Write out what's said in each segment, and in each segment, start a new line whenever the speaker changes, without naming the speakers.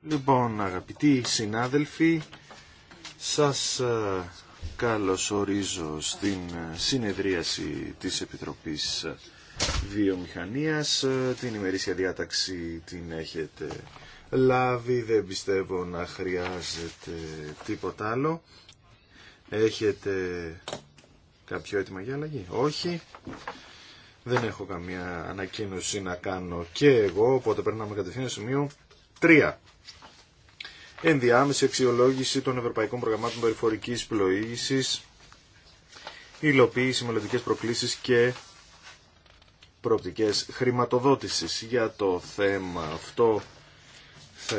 Λοιπόν, αγαπητοί συνάδελφοι, σας ε, καλωσορίζω στην ε, συνεδρίαση της Επιτροπής ε, Βιομηχανίας. Την ημερήσια διάταξη την έχετε λάβει, δεν πιστεύω να χρειάζεται τίποτα άλλο. Έχετε κάποιο έτοιμο για αλλαγή, όχι. Δεν έχω καμία ανακοίνωση να κάνω και εγώ, οπότε περνάμε κατευθείαν στο σημείο 3. Ενδιάμεση αξιολόγηση των ευρωπαϊκών προγραμμάτων περιφορική πλοήγησης, υλοποίηση, μελλοντικέ προκλήσει και προοπτικές χρηματοδότησης. Για το θέμα αυτό θα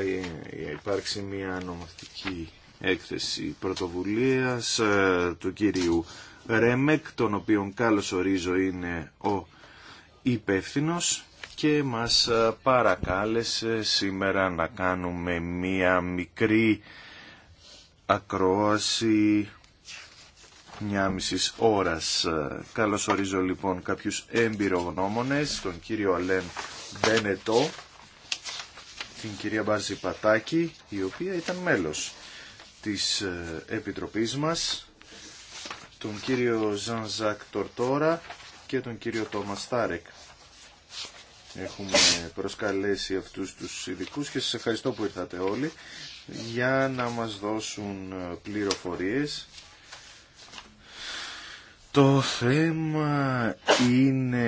υπάρξει μια νομοθετική έκθεση πρωτοβουλίας ε, του κύριου Ρέμεκ, τον οποίον ορίζω είναι ο υπεύθυνο και μας ε, παρακάλεσε σήμερα να κάνουμε μία μικρή ακρόαση μια μισή ώρας. Καλώς Καλωσορίζω λοιπον κάποιους εμπειρογνώμονες, τον κύριο Αλέν Μπένετο, την κυρία Μπάζη Πατάκη, η οποία ήταν μέλος της ε, Επιτροπής μας, τον κύριο Ζανζακ Τορτόρα, και τον κύριο Τόμα Στάρεκ. Έχουμε προσκαλέσει αυτούς τους ειδικού και σας ευχαριστώ που ήρθατε όλοι για να μας δώσουν ε, πληροφορίες. Το θέμα είναι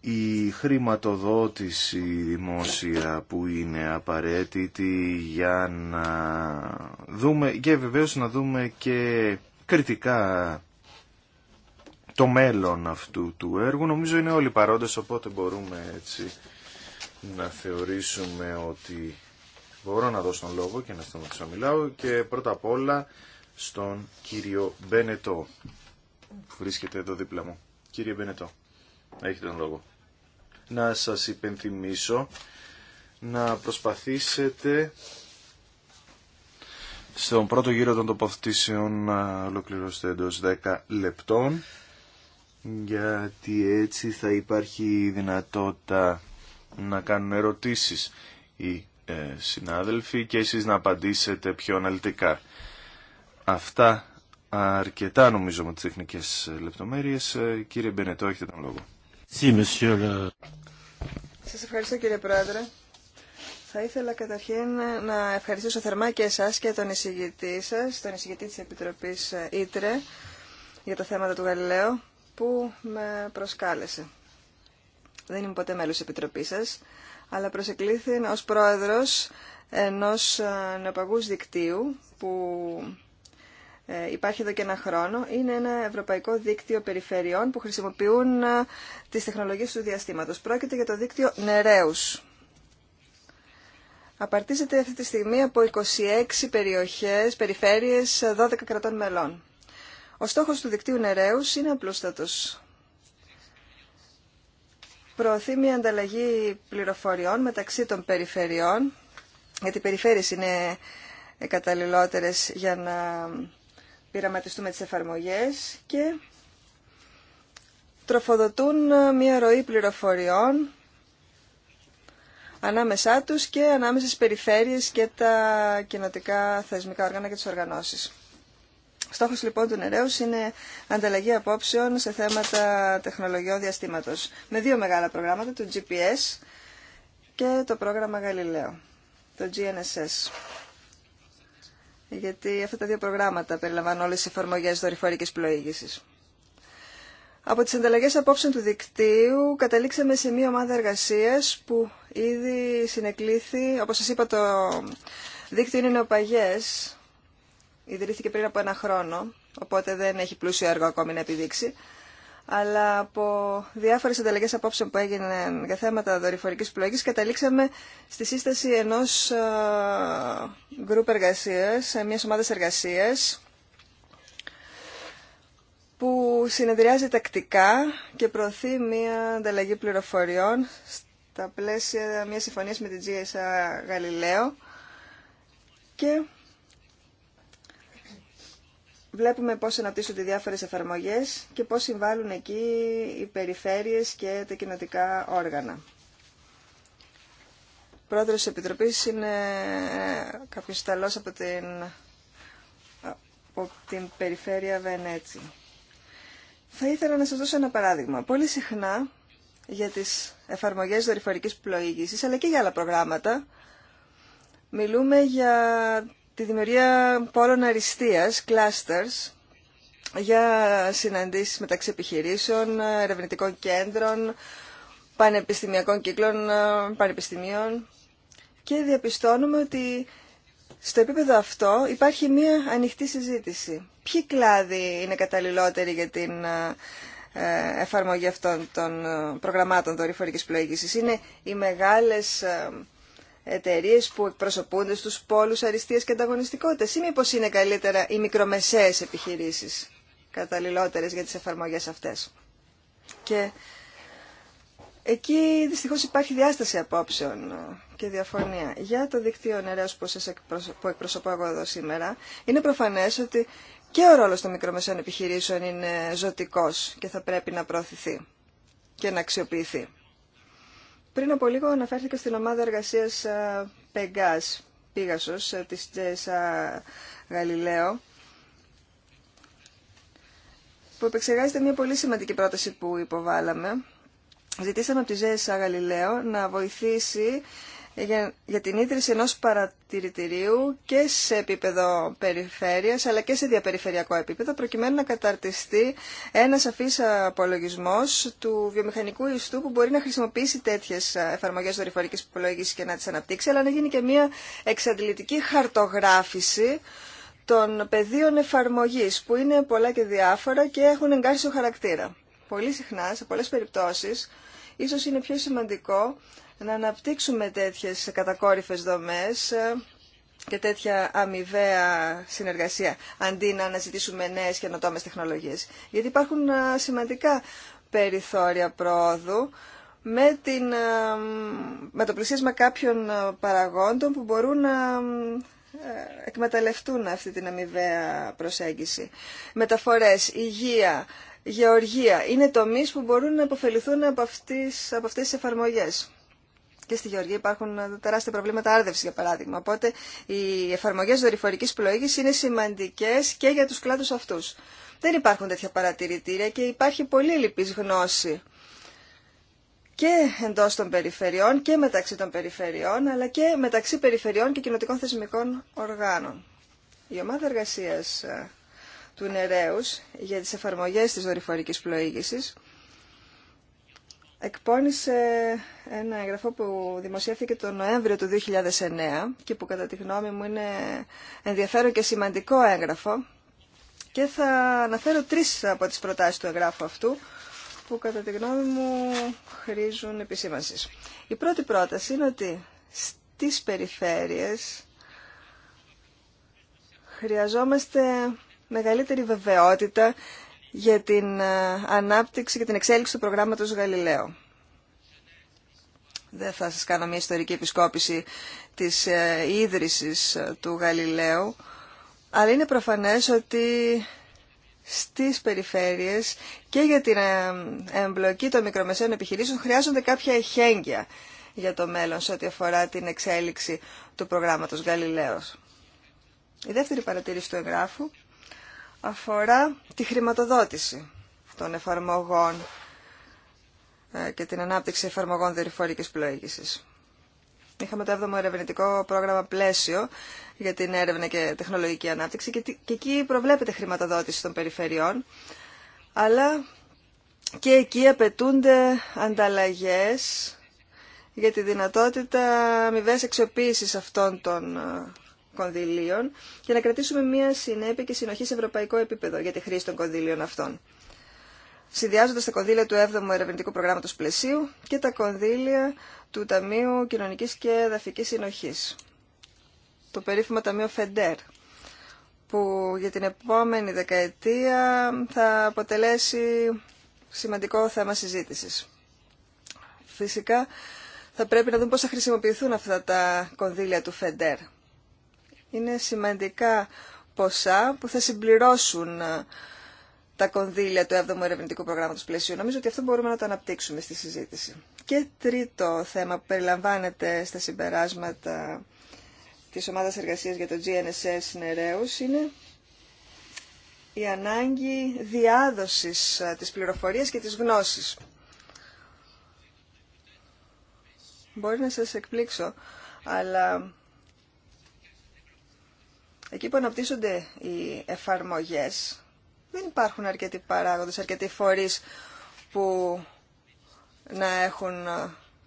η χρηματοδότηση δημόσια που είναι απαραίτητη για να δούμε και βεβαίως να δούμε και κριτικά το μέλλον αυτού του έργου. Νομίζω είναι όλοι παρόντες, οπότε μπορούμε έτσι να θεωρήσουμε ότι μπορώ να δώσω τον λόγο και να σταματήσω μιλάω και πρώτα απ' όλα στον κύριο Μπενετό που βρίσκεται εδώ δίπλα μου. Κύριε Μπενετό, έχετε τον λόγο. Να σας υπενθυμίσω να προσπαθήσετε στον πρώτο γύρο των τοποθετήσεων να ολοκληρώσετε εντός 10 λεπτών γιατί έτσι θα υπάρχει η δυνατότητα να κάνουν ερωτήσεις οι ε, συνάδελφοι και εσείς να απαντήσετε πιο αναλυτικά. Αυτά αρκετά νομίζω με τις τεχνικές λεπτομέρειες. Ε, κύριε Μπενετό, έχετε τον λόγο.
Σας ευχαριστώ κύριε Πρόεδρε. Θα ήθελα καταρχήν να ευχαριστήσω θερμά και εσάς και τον εισηγητή σας, τον εισηγητή της Επιτροπής ε, Ήτρε για τα θέματα του Γαλιλαίου που με προσκάλεσε. Δεν είμαι ποτέ μέλος Επιτροπής σας, αλλά προσεκλήθη ως πρόεδρος ενός ε, νεοπαγούς δικτύου που ε, υπάρχει εδώ και ένα χρόνο. Είναι ένα ευρωπαϊκό δίκτυο περιφερειών που χρησιμοποιούν ε, τις τεχνολογίες του διαστήματος. Πρόκειται για το δίκτυο Νερέους. Απαρτίζεται αυτή τη στιγμή από 26 περιοχές, περιφέρειες, 12 κρατών μελών. Ο στόχος του δικτύου νερέους είναι απλούστατος. Προωθεί μια ανταλλαγή πληροφοριών μεταξύ των περιφερειών, γιατί οι περιφέρειες είναι καταλληλότερες για να πειραματιστούμε τις εφαρμογές και τροφοδοτούν μια ροή πληροφοριών ανάμεσά τους και ανάμεσα στις περιφέρειες και τα κοινοτικά θεσμικά όργανα και τις οργανώσεις. Στόχος λοιπόν του Νεραίους είναι ανταλλαγή απόψεων σε θέματα τεχνολογιών διαστήματος με δύο μεγάλα προγράμματα, το GPS και το πρόγραμμα Γαλιλαίο, το GNSS. Γιατί αυτά τα δύο προγράμματα περιλαμβάνουν όλες τις εφαρμογές δορυφορικής πλοήγησης. Από τις ανταλλαγές απόψεων του δικτύου καταλήξαμε σε μία ομάδα εργασίας που ήδη συνεκλήθη, όπως σας είπα το δίκτυο είναι νεοπαγές Ιδρύθηκε πριν από ένα χρόνο, οπότε δεν έχει πλούσιο έργο ακόμη να επιδείξει. Αλλά από διάφορες ανταλλαγέ απόψεων που έγιναν για θέματα δορυφορικής πλοήγης καταλήξαμε στη σύσταση ενός γκρουπ εργασία, ε, μιας ομάδας εργασία που συνεδριάζει τακτικά και προωθεί μια ανταλλαγή πληροφοριών στα πλαίσια μια συμφωνία με την GSA Γαλιλαίο και Βλέπουμε πώς αναπτύσσονται οι διάφορες εφαρμογές και πώς συμβάλλουν εκεί οι περιφέρειες και τα κοινοτικά όργανα. Πρόεδρος της Επιτροπής είναι ε, κάποιος Ιταλός από την, από την περιφέρεια Βενέτσι. Θα ήθελα να σας δώσω ένα παράδειγμα. Πολύ συχνά για τις εφαρμογές δορυφορικής πλοήγησης, αλλά και για άλλα προγράμματα, μιλούμε για τη δημιουργία πόλων αριστείας, clusters, για συναντήσεις μεταξύ επιχειρήσεων, ερευνητικών κέντρων, πανεπιστημιακών κύκλων, πανεπιστημίων και διαπιστώνουμε ότι στο επίπεδο αυτό υπάρχει μία ανοιχτή συζήτηση. Ποιοι κλάδοι είναι καταλληλότεροι για την ε, εφαρμογή αυτών των ε, προγραμμάτων δορυφορικής πλοήγησης. Είναι οι μεγάλες ε, εταιρείε που εκπροσωπούνται στου πόλου αριστείας και ανταγωνιστικότητα, ή μήπω είναι καλύτερα οι μικρομεσαίε επιχειρήσει καταλληλότερε για τι εφαρμογές αυτέ. Και εκεί δυστυχώ υπάρχει διάσταση απόψεων και διαφωνία. Για το δίκτυο νερέως που, που εκπροσωπώ εγώ εδώ σήμερα, είναι προφανέ ότι και ο ρόλο των μικρομεσαίων επιχειρήσεων είναι ζωτικό και θα πρέπει να προωθηθεί και να αξιοποιηθεί. Πριν από λίγο αναφέρθηκα στην ομάδα εργασίας ε, Πεγκάς, Πίγασος, ε, της Τζέσα Γαλιλαίο, που επεξεργάζεται μια πολύ σημαντική πρόταση που υποβάλαμε. Ζητήσαμε από τη ΖΕΣΑ Γαλιλαίο να βοηθήσει για, για την ίδρυση ενός παρατηρητηρίου και σε επίπεδο περιφέρειας αλλά και σε διαπεριφερειακό επίπεδο προκειμένου να καταρτιστεί ένα σαφής απολογισμός του βιομηχανικού ιστού που μπορεί να χρησιμοποιήσει τέτοιες εφαρμογές δορυφορικής υπολογής και να τις αναπτύξει αλλά να γίνει και μια εξαντλητική χαρτογράφηση των πεδίων εφαρμογής που είναι πολλά και διάφορα και έχουν εγκάρσιο χαρακτήρα. Πολύ συχνά, σε πολλές περιπτώσεις, ίσως είναι πιο σημαντικό να αναπτύξουμε τέτοιες κατακόρυφες δομές ε, και τέτοια αμοιβαία συνεργασία, αντί να αναζητήσουμε νέες καινοτόμες τεχνολογίες. Γιατί υπάρχουν ε, σημαντικά περιθώρια πρόοδου με, την, ε, με το πλησίασμα κάποιων παραγόντων που μπορούν να εκμεταλλευτούν αυτή την αμοιβαία προσέγγιση. Μεταφορές, υγεία, γεωργία είναι τομείς που μπορούν να υποφεληθούν από αυτές, από αυτές τις εφαρμογές και στη Γεωργία υπάρχουν ε, τεράστια προβλήματα άρδευση, για παράδειγμα. Οπότε οι εφαρμογέ δορυφορική πλοήγηση είναι σημαντικέ και για του κλάδου αυτού. Δεν υπάρχουν τέτοια παρατηρητήρια και υπάρχει πολύ λυπή γνώση και εντό των περιφερειών και μεταξύ των περιφερειών, αλλά και μεταξύ περιφερειών και κοινοτικών θεσμικών οργάνων. Η ομάδα εργασία ε, του Νερέους για τις εφαρμογές της δορυφορικής πλοήγησης εκπώνησε ένα εγγραφό που δημοσιεύθηκε τον Νοέμβριο του 2009 και που κατά τη γνώμη μου είναι ενδιαφέρον και σημαντικό έγγραφο και θα αναφέρω τρεις από τις προτάσεις του εγγράφου αυτού που κατά τη γνώμη μου χρήζουν επισήμανσης. Η πρώτη πρόταση είναι ότι στις περιφέρειες χρειαζόμαστε μεγαλύτερη βεβαιότητα για την ε, ανάπτυξη και την εξέλιξη του προγράμματος Γαλιλαίο. Δεν θα σας κάνω μια ιστορική επισκόπηση της ε, ίδρυσης ε, του Γαλιλαίου, αλλά είναι προφανές ότι στις περιφέρειες και για την εμπλοκή των μικρομεσαίων επιχειρήσεων χρειάζονται κάποια εχέγγυα για το μέλλον σε ό,τι αφορά την εξέλιξη του προγράμματος Γαλιλαίος. Η δεύτερη παρατήρηση του εγγράφου αφορά τη χρηματοδότηση των εφαρμογών ε, και την ανάπτυξη εφαρμογών δορυφορικής πλοήγησης. Είχαμε το 7ο ερευνητικό πρόγραμμα πλαίσιο για την έρευνα και τεχνολογική ανάπτυξη και, εκεί προβλέπεται χρηματοδότηση των περιφερειών, αλλά και εκεί απαιτούνται ανταλλαγές για τη δυνατότητα αμοιβές αξιοποίησης αυτών των ε, κονδυλίων και να κρατήσουμε μια συνέπεια και συνοχή σε ευρωπαϊκό επίπεδο για τη χρήση των κονδυλίων αυτών. Συνδυάζοντα τα κονδύλια του 7ου Ερευνητικού Προγράμματο Πλαισίου και τα κονδύλια του Ταμείου Κοινωνική και Εδαφική Συνοχή. Το περίφημο Ταμείο ΦΕΝΤΕΡ που για την επόμενη δεκαετία θα αποτελέσει σημαντικό θέμα συζήτηση. Φυσικά θα πρέπει να δούμε πώς θα χρησιμοποιηθούν αυτά τα κονδύλια του ΦΕΝΤΕΡ. Είναι σημαντικά ποσά που θα συμπληρώσουν ε, τα κονδύλια του 7ου Ερευνητικού Προγράμματος Πλαισίου. Νομίζω ότι αυτό μπορούμε να το αναπτύξουμε στη συζήτηση. Και τρίτο θέμα που περιλαμβάνεται στα συμπεράσματα της Ομάδας Εργασίας για το GNSS Νερέους είναι η ανάγκη διάδοσης ε, της πληροφορίας και της γνώσης. Μπορεί να σας εκπλήξω, αλλά εκεί που αναπτύσσονται οι εφαρμογές, δεν υπάρχουν αρκετοί παράγοντες, αρκετοί φορείς που να έχουν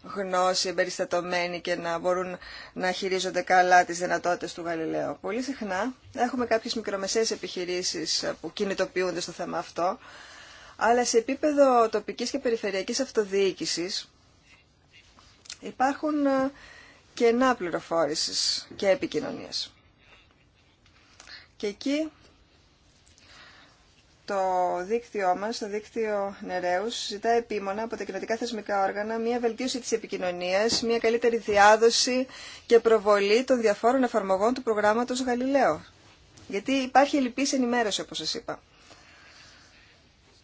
γνώση εμπεριστατωμένη και να μπορούν να χειρίζονται καλά τις δυνατότητες του Γαλιλαίου. Πολύ συχνά έχουμε κάποιες μικρομεσαίες επιχειρήσεις που κινητοποιούνται στο θέμα αυτό, αλλά σε επίπεδο τοπικής και περιφερειακής αυτοδιοίκησης υπάρχουν κενά πληροφόρησης και επικοινωνίας. Και εκεί το δίκτυό μας, το δίκτυο Νερέους, ζητά επίμονα από τα κοινοτικά θεσμικά όργανα μια βελτίωση της επικοινωνίας, μια καλύτερη διάδοση και προβολή των διαφόρων εφαρμογών του προγράμματος Γαλιλαίο. Γιατί υπάρχει λυπή ενημέρωση, όπως σα είπα.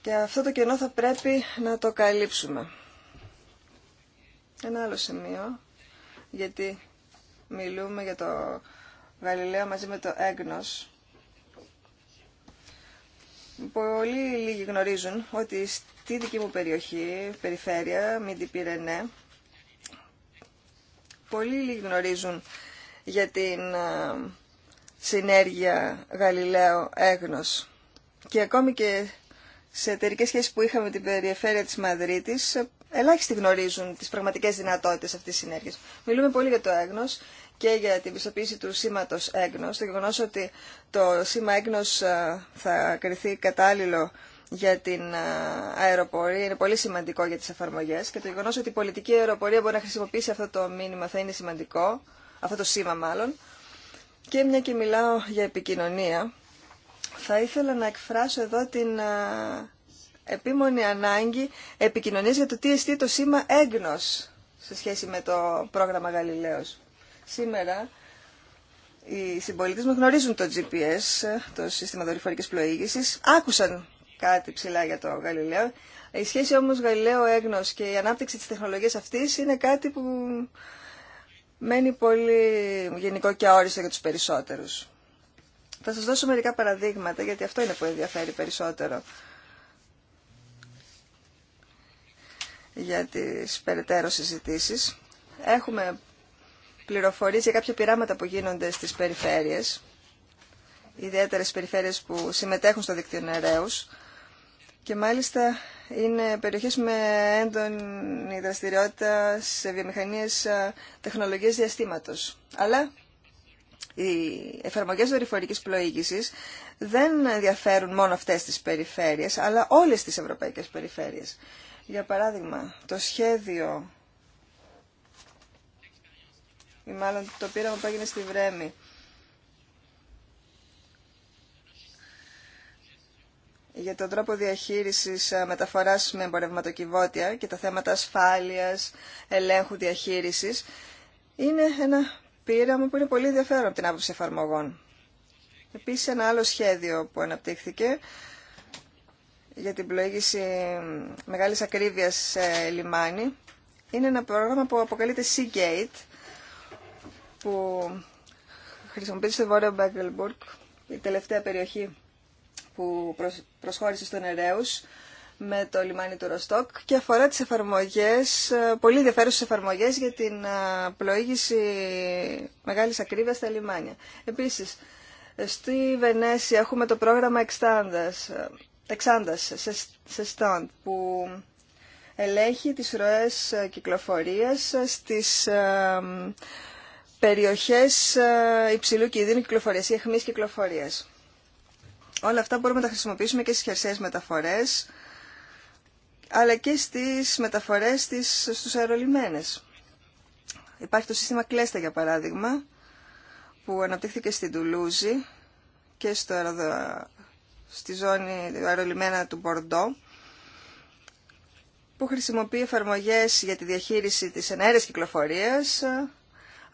Και αυτό το κενό θα πρέπει να το καλύψουμε. Ένα άλλο σημείο, γιατί μιλούμε για το Γαλιλαίο μαζί με το έγνος Πολύ λίγοι γνωρίζουν ότι στη δική μου περιοχή, περιφέρεια, Μιντι Πυρενέ, πολύ λίγοι γνωρίζουν για την συνέργεια Γαλιλαίο Έγνος. Και ακόμη και σε εταιρικέ σχέσεις που είχαμε με την περιφέρεια της Μαδρίτης, ε, ελάχιστοι γνωρίζουν τις πραγματικές δυνατότητες αυτής της συνέργειας. Μιλούμε πολύ για το έγνος και για την πιστοποίηση του σήματο έγνος. Το γεγονό ότι το σήμα έγνος ε, θα κρυθεί κατάλληλο για την ε, αεροπορία είναι πολύ σημαντικό για τις εφαρμογές και το γεγονό ότι η πολιτική αεροπορία μπορεί να χρησιμοποιήσει αυτό το μήνυμα θα είναι σημαντικό, αυτό το σήμα μάλλον. Και μια και μιλάω για επικοινωνία, θα ήθελα να εκφράσω εδώ την ε, επίμονη ανάγκη επικοινωνίας για το τι εστί το σήμα έγνος σε σχέση με το πρόγραμμα Γαλιλαίος. Σήμερα οι συμπολίτε μου γνωρίζουν το GPS, το σύστημα δορυφορικής πλοήγησης, άκουσαν κάτι ψηλά για το Γαλιλαίο. Η σχέση όμως Γαλιλαίο-Έγνο και η ανάπτυξη της τεχνολογίας αυτής είναι κάτι που μένει πολύ γενικό και αόριστο για τους περισσότερους. Θα σα δώσω μερικά παραδείγματα, γιατί αυτό είναι που ενδιαφέρει περισσότερο για τις περαιτέρω συζητήσει. Έχουμε πληροφορίες για κάποια πειράματα που γίνονται στις περιφέρειες, ιδιαίτερες περιφέρειες που συμμετέχουν στο δίκτυο και μάλιστα είναι περιοχές με έντονη δραστηριότητα σε βιομηχανίες ε, τεχνολογίες διαστήματος. Αλλά οι εφαρμογές δορυφορικής πλοήγησης δεν ενδιαφέρουν μόνο αυτές τις περιφέρειες, αλλά όλες τις ευρωπαϊκές περιφέρειες. Για παράδειγμα, το σχέδιο ή μάλλον το πείραμα που έγινε στη Βρέμη. για τον τρόπο διαχείρισης ε, μεταφοράς με εμπορευματοκιβώτια και τα θέματα ασφάλειας, ελέγχου διαχείρισης, είναι ένα πείραμα που είναι πολύ ενδιαφέρον από την άποψη εφαρμογών. Επίσης, ένα άλλο σχέδιο που αναπτύχθηκε για την πλοήγηση μεγάλης ακρίβειας σε λιμάνι είναι ένα πρόγραμμα που αποκαλείται Seagate, που χρησιμοποιείται στο Βόρειο Μπέγκελμπουργκ, η τελευταία περιοχή που προσχώρησε στον Ερέους, με το λιμάνι του Ροστόκ και αφορά τις εφαρμογές, ε, πολύ ενδιαφέρουσες εφαρμογές για την ε, πλοήγηση μεγάλης ακρίβειας στα λιμάνια. Επίσης, ε, στη Βενέση έχουμε το πρόγραμμα Εξάντας, σε, σε που ελέγχει τις ροές κυκλοφορίας στις περιοχές ε, υψηλού κινδύνου κυκλοφορίας ή αιχμής κυκλοφορίας. Όλα αυτά μπορούμε να τα χρησιμοποιήσουμε και στις χερσαίες μεταφορές, αλλά και στις μεταφορές στις, στους αερολιμένες. Υπάρχει το σύστημα Κλέστα, για παράδειγμα, που αναπτύχθηκε στην Τουλούζη και στο στη ζώνη αερολιμένα του Μπορντό, που χρησιμοποιεί εφαρμογές για τη διαχείριση της ενέρειας κυκλοφορίας,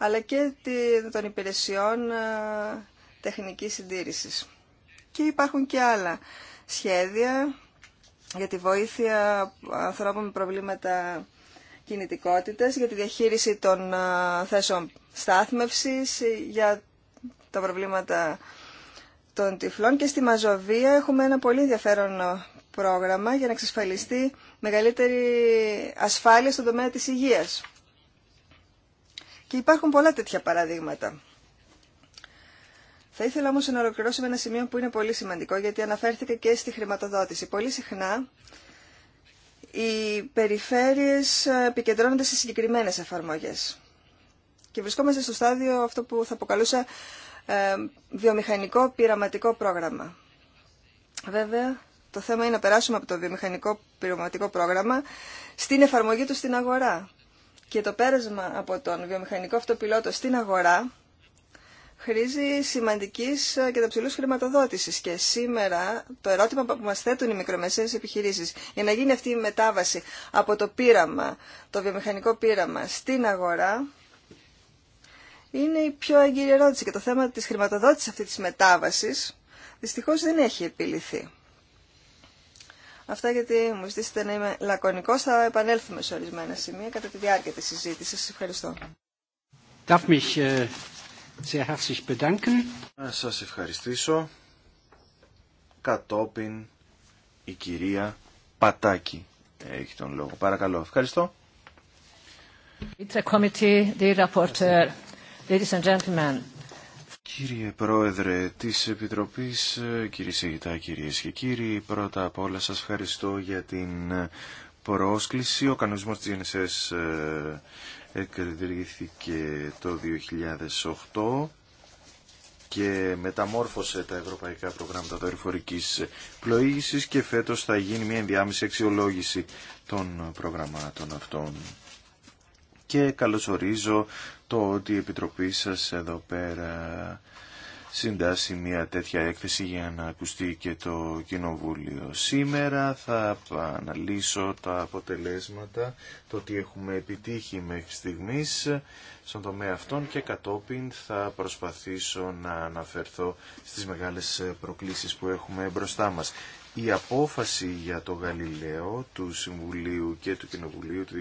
αλλά και των υπηρεσιών ε, τεχνικής συντήρησης. Και υπάρχουν και άλλα σχέδια για τη βοήθεια ανθρώπων με προβλήματα κινητικότητας, για τη διαχείριση των ε, θέσεων στάθμευσης, για τα προβλήματα των τυφλών και στη Μαζοβία έχουμε ένα πολύ ενδιαφέρον πρόγραμμα για να εξασφαλιστεί μεγαλύτερη ασφάλεια στον τομέα της υγείας. Και υπάρχουν πολλά τέτοια παραδείγματα. Θα ήθελα όμως να ολοκληρώσω με ένα σημείο που είναι πολύ σημαντικό, γιατί αναφέρθηκε και στη χρηματοδότηση. Πολύ συχνά οι περιφέρειες ε, επικεντρώνονται σε συγκεκριμένες εφαρμογές. Και βρισκόμαστε στο στάδιο αυτό που θα αποκαλούσα ε, βιομηχανικό πειραματικό πρόγραμμα. Βέβαια, το θέμα είναι να περάσουμε από το βιομηχανικό πειραματικό πρόγραμμα στην εφαρμογή του στην αγορά και το πέρασμα από τον βιομηχανικό αυτοπιλότο στην αγορά χρήζει σημαντικής ε, και ταψιλούς χρηματοδότησης και σήμερα το ερώτημα που μας θέτουν οι μικρομεσαίες επιχειρήσεις για να γίνει αυτή η μετάβαση από το πείραμα, το βιομηχανικό πείραμα στην αγορά είναι η πιο αγκύρη ερώτηση και το θέμα της χρηματοδότησης αυτής της μετάβασης δυστυχώς δεν έχει επιληθεί. Αυτά γιατί μου ζητήσετε να είμαι λακωνικό, θα επανέλθουμε σε ορισμένα σημεία κατά τη διάρκεια τη συζήτηση. Σα ευχαριστώ. Darf
mich äh, sehr herzlich bedanken.
Να σας ευχαριστήσω. Κατόπιν η κυρία Πατάκη έχει τον λόγο. Παρακαλώ. Ευχαριστώ.
ladies and gentlemen.
Κύριε Πρόεδρε της Επιτροπής, κύριε Σιγητά, κυρίες και κύριοι, πρώτα απ' όλα σας ευχαριστώ για την πρόσκληση. Ο κανονισμός της ΕΝΣΕΣ ε, εκδηλήθηκε το 2008 και μεταμόρφωσε τα ευρωπαϊκά προγράμματα δορυφορικής πλοήγησης και φέτος θα γίνει μια ενδιάμεση αξιολόγηση των προγραμμάτων αυτών και καλωσορίζω το ότι η Επιτροπή σας εδώ πέρα συντάσσει μια τέτοια έκθεση για να ακουστεί και το Κοινοβούλιο. Σήμερα θα αναλύσω τα αποτελέσματα, το τι έχουμε επιτύχει μέχρι στιγμής στον τομέα αυτών και κατόπιν θα προσπαθήσω να αναφερθώ στις μεγάλες προκλήσεις που έχουμε μπροστά μας η απόφαση για το Γαλιλαίο του Συμβουλίου και του Κοινοβουλίου του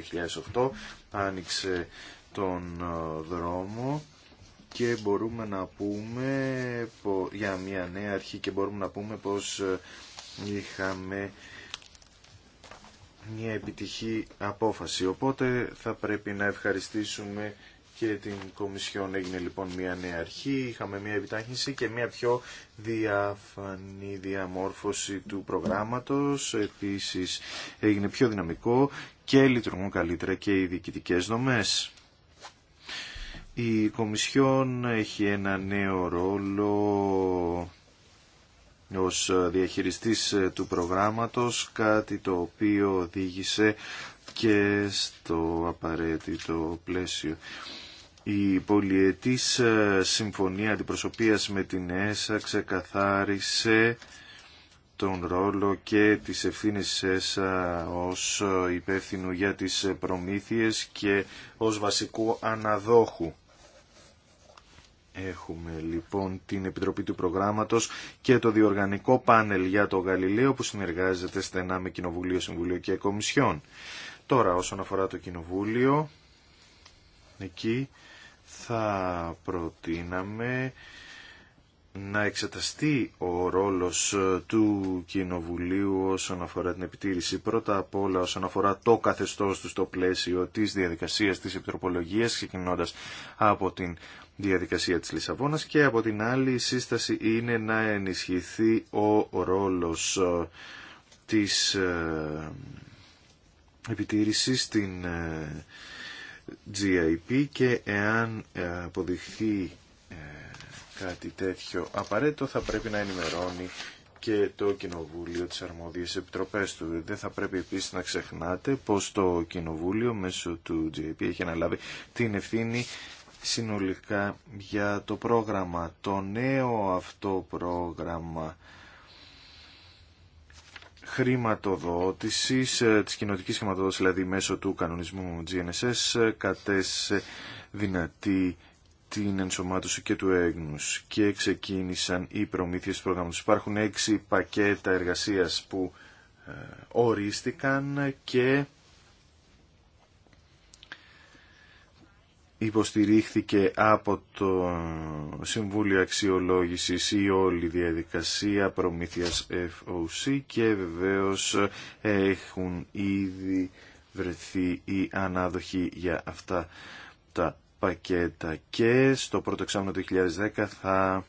2008 άνοιξε τον ε, δρόμο και μπορούμε να πούμε για μια νέα αρχή και μπορούμε να πούμε πως ε, είχαμε μια επιτυχή απόφαση. Οπότε θα πρέπει να ευχαριστήσουμε και την Κομισιόν έγινε λοιπόν μια νέα αρχή, είχαμε μια επιτάχυνση και μια πιο διαφανή διαμόρφωση του προγράμματος, επίσης έγινε πιο δυναμικό και λειτουργούν καλύτερα και οι διοικητικέ δομές. Η Κομισιόν έχει ένα νέο ρόλο ως διαχειριστής του προγράμματος, κάτι το οποίο οδήγησε και στο απαραίτητο πλαίσιο. Η πολιετής ε, συμφωνία αντιπροσωπείας με την ΕΣΑ ξεκαθάρισε τον ρόλο και τις ευθύνες της ΕΣΑ ως ε, υπεύθυνου για τις προμήθειες και ως βασικού αναδόχου. Έχουμε λοιπόν την Επιτροπή του Προγράμματος και το διοργανικό πάνελ για το Γαλιλαίο που συνεργάζεται στενά με Κοινοβουλίο, Συμβουλίο και Κομισιόν. Τώρα όσον αφορά το Κοινοβούλιο, εκεί θα προτείναμε να εξεταστεί ο ρόλος του Κοινοβουλίου όσον αφορά την επιτήρηση. Πρώτα απ' όλα όσον αφορά το καθεστώς του στο πλαίσιο της διαδικασίας της επιτροπολογίας, ξεκινώντας από την διαδικασία της Λισαβόνας και από την άλλη η σύσταση είναι να ενισχυθεί ο ρόλος ε, της ε, επιτήρησης στην ε, GIP και εάν ε, αποδειχθεί ε, κάτι τέτοιο απαραίτητο θα πρέπει να ενημερώνει και το Κοινοβούλιο της Αρμόδιας Επιτροπές του. Δεν θα πρέπει επίσης να ξεχνάτε πως το Κοινοβούλιο μέσω του GIP έχει αναλάβει την ευθύνη συνολικά για το πρόγραμμα. Το νέο αυτό πρόγραμμα χρηματοδότησης, ε, της κοινοτικής χρηματοδότησης, δηλαδή μέσω του κανονισμού GNSS, ε, κατέσε δυνατή την ενσωμάτωση και του έγνους και ξεκίνησαν οι προμήθειες του προγράμματος. Υπάρχουν έξι πακέτα εργασίας που ε, ορίστηκαν και υποστηρίχθηκε από το Συμβούλιο Αξιολόγησης η όλη διαδικασία προμήθειας FOC και βεβαίως έχουν ήδη βρεθεί η ανάδοχοι για αυτά τα πακέτα και στο πρώτο εξάμεινο του 2010 θα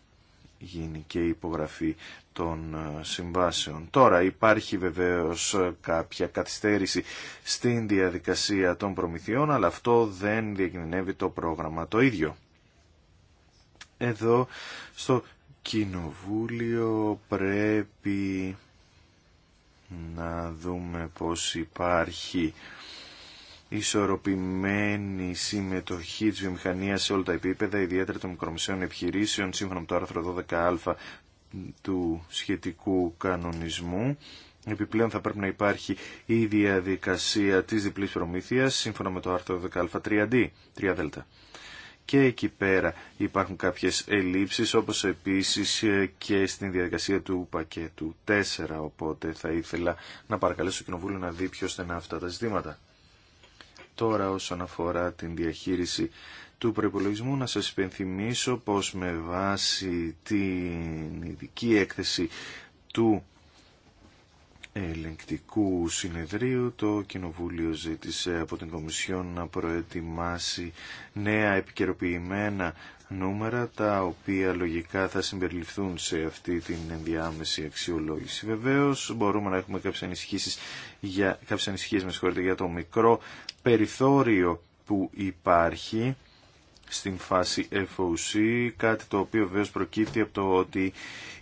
γίνει και η υπογραφή των ε, συμβάσεων. Τώρα υπάρχει βεβαίως ε, κάποια καθυστέρηση στην διαδικασία των προμηθειών, αλλά αυτό δεν διακινδυνεύει το πρόγραμμα το ίδιο. Εδώ στο Κοινοβούλιο πρέπει να δούμε πως υπάρχει ισορροπημένη συμμετοχή της βιομηχανίας σε όλα τα επίπεδα, ιδιαίτερα των μικρομεσαίων επιχειρήσεων, σύμφωνα με το άρθρο 12α του σχετικού κανονισμού. Επιπλέον θα πρέπει να υπάρχει η διαδικασία της διπλής προμήθειας σύμφωνα με το άρθρο 10α3D, 3Δ. Και εκεί πέρα υπάρχουν κάποιες ελλείψεις όπως επίσης και στην διαδικασία του πακέτου 4 οπότε θα ήθελα να παρακαλέσω το Κοινοβούλιο να δει πιο στενά αυτά τα ζητήματα. Τώρα όσον αφορά την διαχείριση του προπολογισμού να σας υπενθυμίσω πως με βάση την ειδική έκθεση του ελεγκτικού συνεδρίου το Κοινοβούλιο ζήτησε από την Κομισιόν να προετοιμάσει νέα επικαιροποιημένα νούμερα τα οποία λογικά θα συμπεριληφθούν σε αυτή την ενδιάμεση αξιολόγηση. Βεβαίως μπορούμε να έχουμε κάποιες ανησυχίες, για, κάποιες με για το μικρό περιθώριο που υπάρχει στην φάση FOC, κάτι το οποίο βεβαίω προκύπτει από το ότι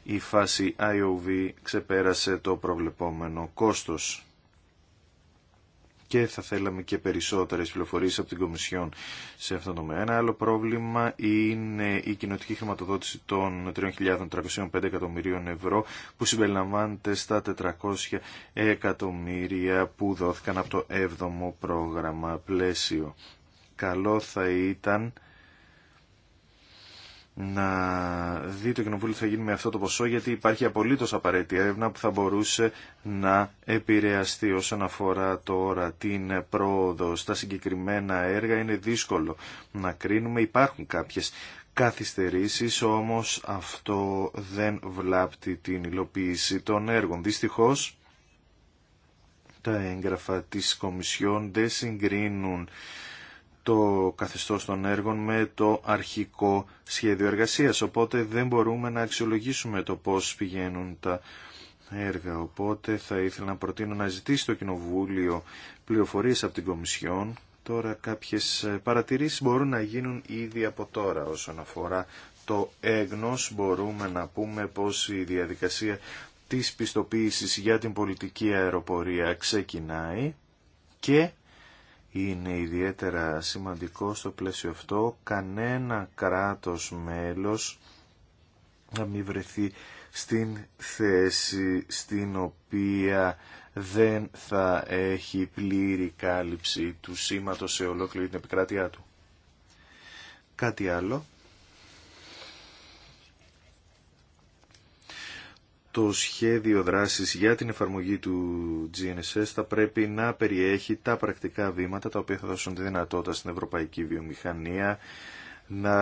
η φάση IOV ξεπέρασε το προβλεπόμενο κόστος. Και θα θέλαμε και περισσότερες πληροφορίες από την Κομισιόν σε αυτό το τομέα. Ένα άλλο πρόβλημα είναι η κοινοτική χρηματοδότηση των 3.305 εκατομμυρίων ευρώ που συμπεριλαμβάνεται στα 400 εκατομμύρια που δόθηκαν από το 7ο πρόγραμμα πλαίσιο. Καλό θα ήταν να δει το κοινοβούλιο τι θα γίνει με αυτό το ποσό γιατί υπάρχει απολύτω απαραίτητη έρευνα που θα μπορούσε να επηρεαστεί όσον αφορά τώρα την πρόοδο στα συγκεκριμένα έργα είναι δύσκολο να κρίνουμε υπάρχουν κάποιες καθυστερήσεις όμως αυτό δεν βλάπτει την υλοποίηση των έργων δυστυχώς τα έγγραφα της Κομισιόν δεν συγκρίνουν το καθεστώς των έργων με το αρχικό σχέδιο εργασίας, οπότε δεν μπορούμε να αξιολογήσουμε το πώς πηγαίνουν τα έργα. Οπότε θα ήθελα να προτείνω να ζητήσει το Κοινοβούλιο πληροφορίες από την Κομισιόν. Τώρα κάποιες παρατηρήσεις μπορούν να γίνουν ήδη από τώρα όσον αφορά το έγνος. Μπορούμε να πούμε πως η διαδικασία της πιστοποίησης για την πολιτική αεροπορία ξεκινάει και είναι ιδιαίτερα σημαντικό στο πλαίσιο αυτό κανένα κράτος μέλος να μην βρεθεί στην θέση στην οποία δεν θα έχει πλήρη κάλυψη του σήματος σε ολόκληρη την επικράτειά του. Κάτι άλλο το σχέδιο δράσης για την εφαρμογή του GNSS θα πρέπει να περιέχει τα πρακτικά βήματα τα οποία θα δώσουν τη δυνατότητα στην ευρωπαϊκή βιομηχανία να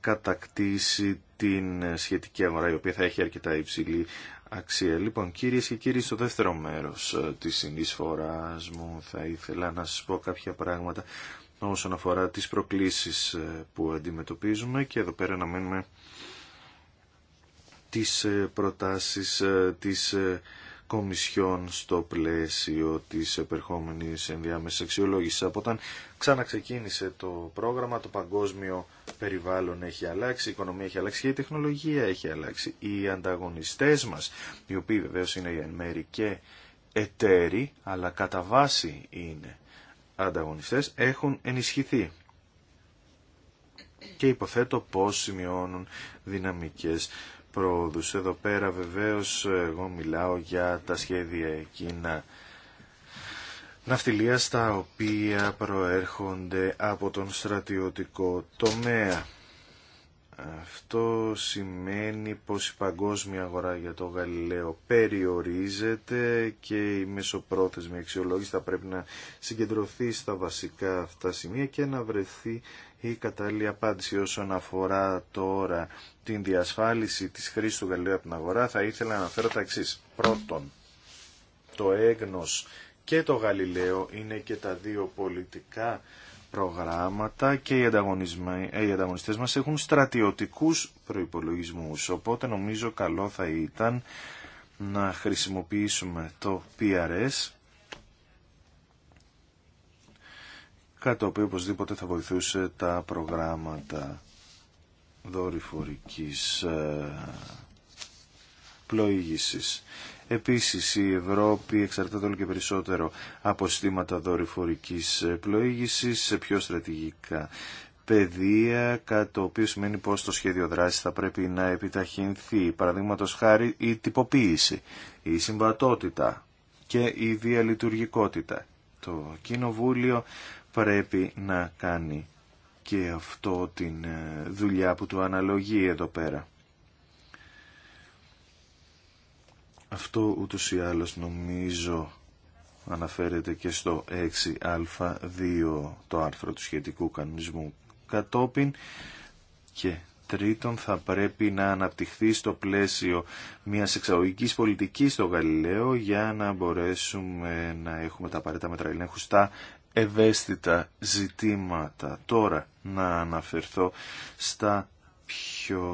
κατακτήσει την σχετική αγορά η οποία θα έχει αρκετά υψηλή αξία. Λοιπόν, κύριε και κύριοι, στο δεύτερο μέρος ε, της συνεισφοράς μου θα ήθελα να σας πω κάποια πράγματα όσον αφορά τις προκλήσεις ε, που αντιμετωπίζουμε και εδώ πέρα να μένουμε τις ε, προτάσεις ε, της ε, Κομισιόν στο πλαίσιο της επερχόμενης ενδιάμεσης αξιολόγησης. Από όταν ξαναξεκίνησε το πρόγραμμα, το παγκόσμιο περιβάλλον έχει αλλάξει, η οικονομία έχει αλλάξει και η τεχνολογία έχει αλλάξει. Οι ανταγωνιστές μας, οι οποίοι βεβαίω είναι εν μέρη και εταίροι, αλλά κατά βάση είναι ανταγωνιστές, έχουν ενισχυθεί και υποθέτω πως σημειώνουν δυναμικές πρόοδους. Εδώ πέρα βεβαίως εγώ μιλάω για τα σχέδια εκείνα ναυτιλίας τα οποία προέρχονται από τον στρατιωτικό τομέα. Αυτό σημαίνει πως η παγκόσμια αγορά για το Γαλιλαίο περιορίζεται και η μεσοπρόθεσμη αξιολόγηση θα πρέπει να συγκεντρωθεί στα βασικά αυτά σημεία και να βρεθεί η κατάλληλη απάντηση όσον αφορά τώρα την διασφάλιση της χρήσης του Γαλλίου από την αγορά θα ήθελα να αναφέρω τα εξής. Πρώτον, το έγνος και το Γαλιλαίο είναι και τα δύο πολιτικά προγράμματα και οι, οι ανταγωνιστές μας έχουν στρατιωτικούς προϋπολογισμούς. Οπότε νομίζω καλό θα ήταν να χρησιμοποιήσουμε το PRS κάτι το οποίο οπωσδήποτε θα βοηθούσε τα προγράμματα δορυφορικής ε, πλοήγησης. Επίσης η Ευρώπη εξαρτάται όλο και περισσότερο από στήματα δορυφορικής ε, πλοήγησης σε πιο στρατηγικά παιδεία, κάτι το οποίο σημαίνει πως το σχέδιο δράσης θα πρέπει να επιταχυνθεί, παραδείγματο χάρη η τυποποίηση, η συμβατότητα και η διαλειτουργικότητα. Το Κοινοβούλιο πρέπει να κάνει και αυτό την ε, δουλειά που του αναλογεί εδώ πέρα. Αυτό ούτως ή άλλως νομίζω αναφέρεται και στο 6α2 το άρθρο του σχετικού κανονισμού κατόπιν και τρίτον θα πρέπει να αναπτυχθεί στο πλαίσιο μιας εξαγωγικής πολιτικής στο Γαλιλαίο για να μπορέσουμε να έχουμε τα απαραίτητα μέτρα ελέγχου στα ευαίσθητα ζητήματα. Τώρα να αναφερθώ στα πιο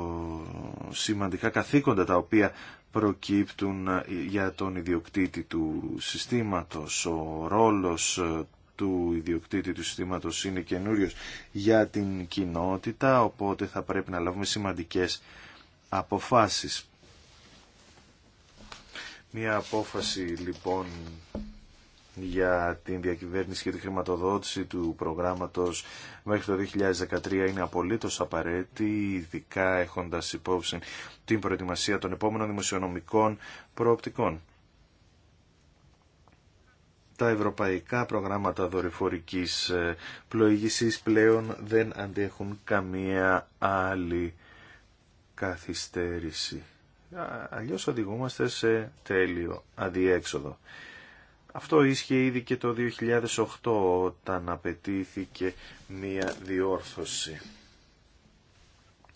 σημαντικά καθήκοντα τα οποία προκύπτουν για τον ιδιοκτήτη του συστήματος. Ο ρόλος του ιδιοκτήτη του συστήματος είναι καινούριος για την κοινότητα, οπότε θα πρέπει να λάβουμε σημαντικές αποφάσεις. Μία απόφαση λοιπόν για την διακυβέρνηση και τη χρηματοδότηση του προγράμματος μέχρι το 2013 είναι απολύτως απαραίτητη, ειδικά έχοντας υπόψη την προετοιμασία των επόμενων δημοσιονομικών προοπτικών. Τα ευρωπαϊκά προγράμματα δορυφορικής ε, πλοήγησης πλέον δεν αντέχουν καμία άλλη καθυστέρηση. Αλλιώς οδηγούμαστε σε τέλειο αντιέξοδο. Αυτό ίσχυε ήδη και το 2008 όταν απαιτήθηκε μία διόρθωση.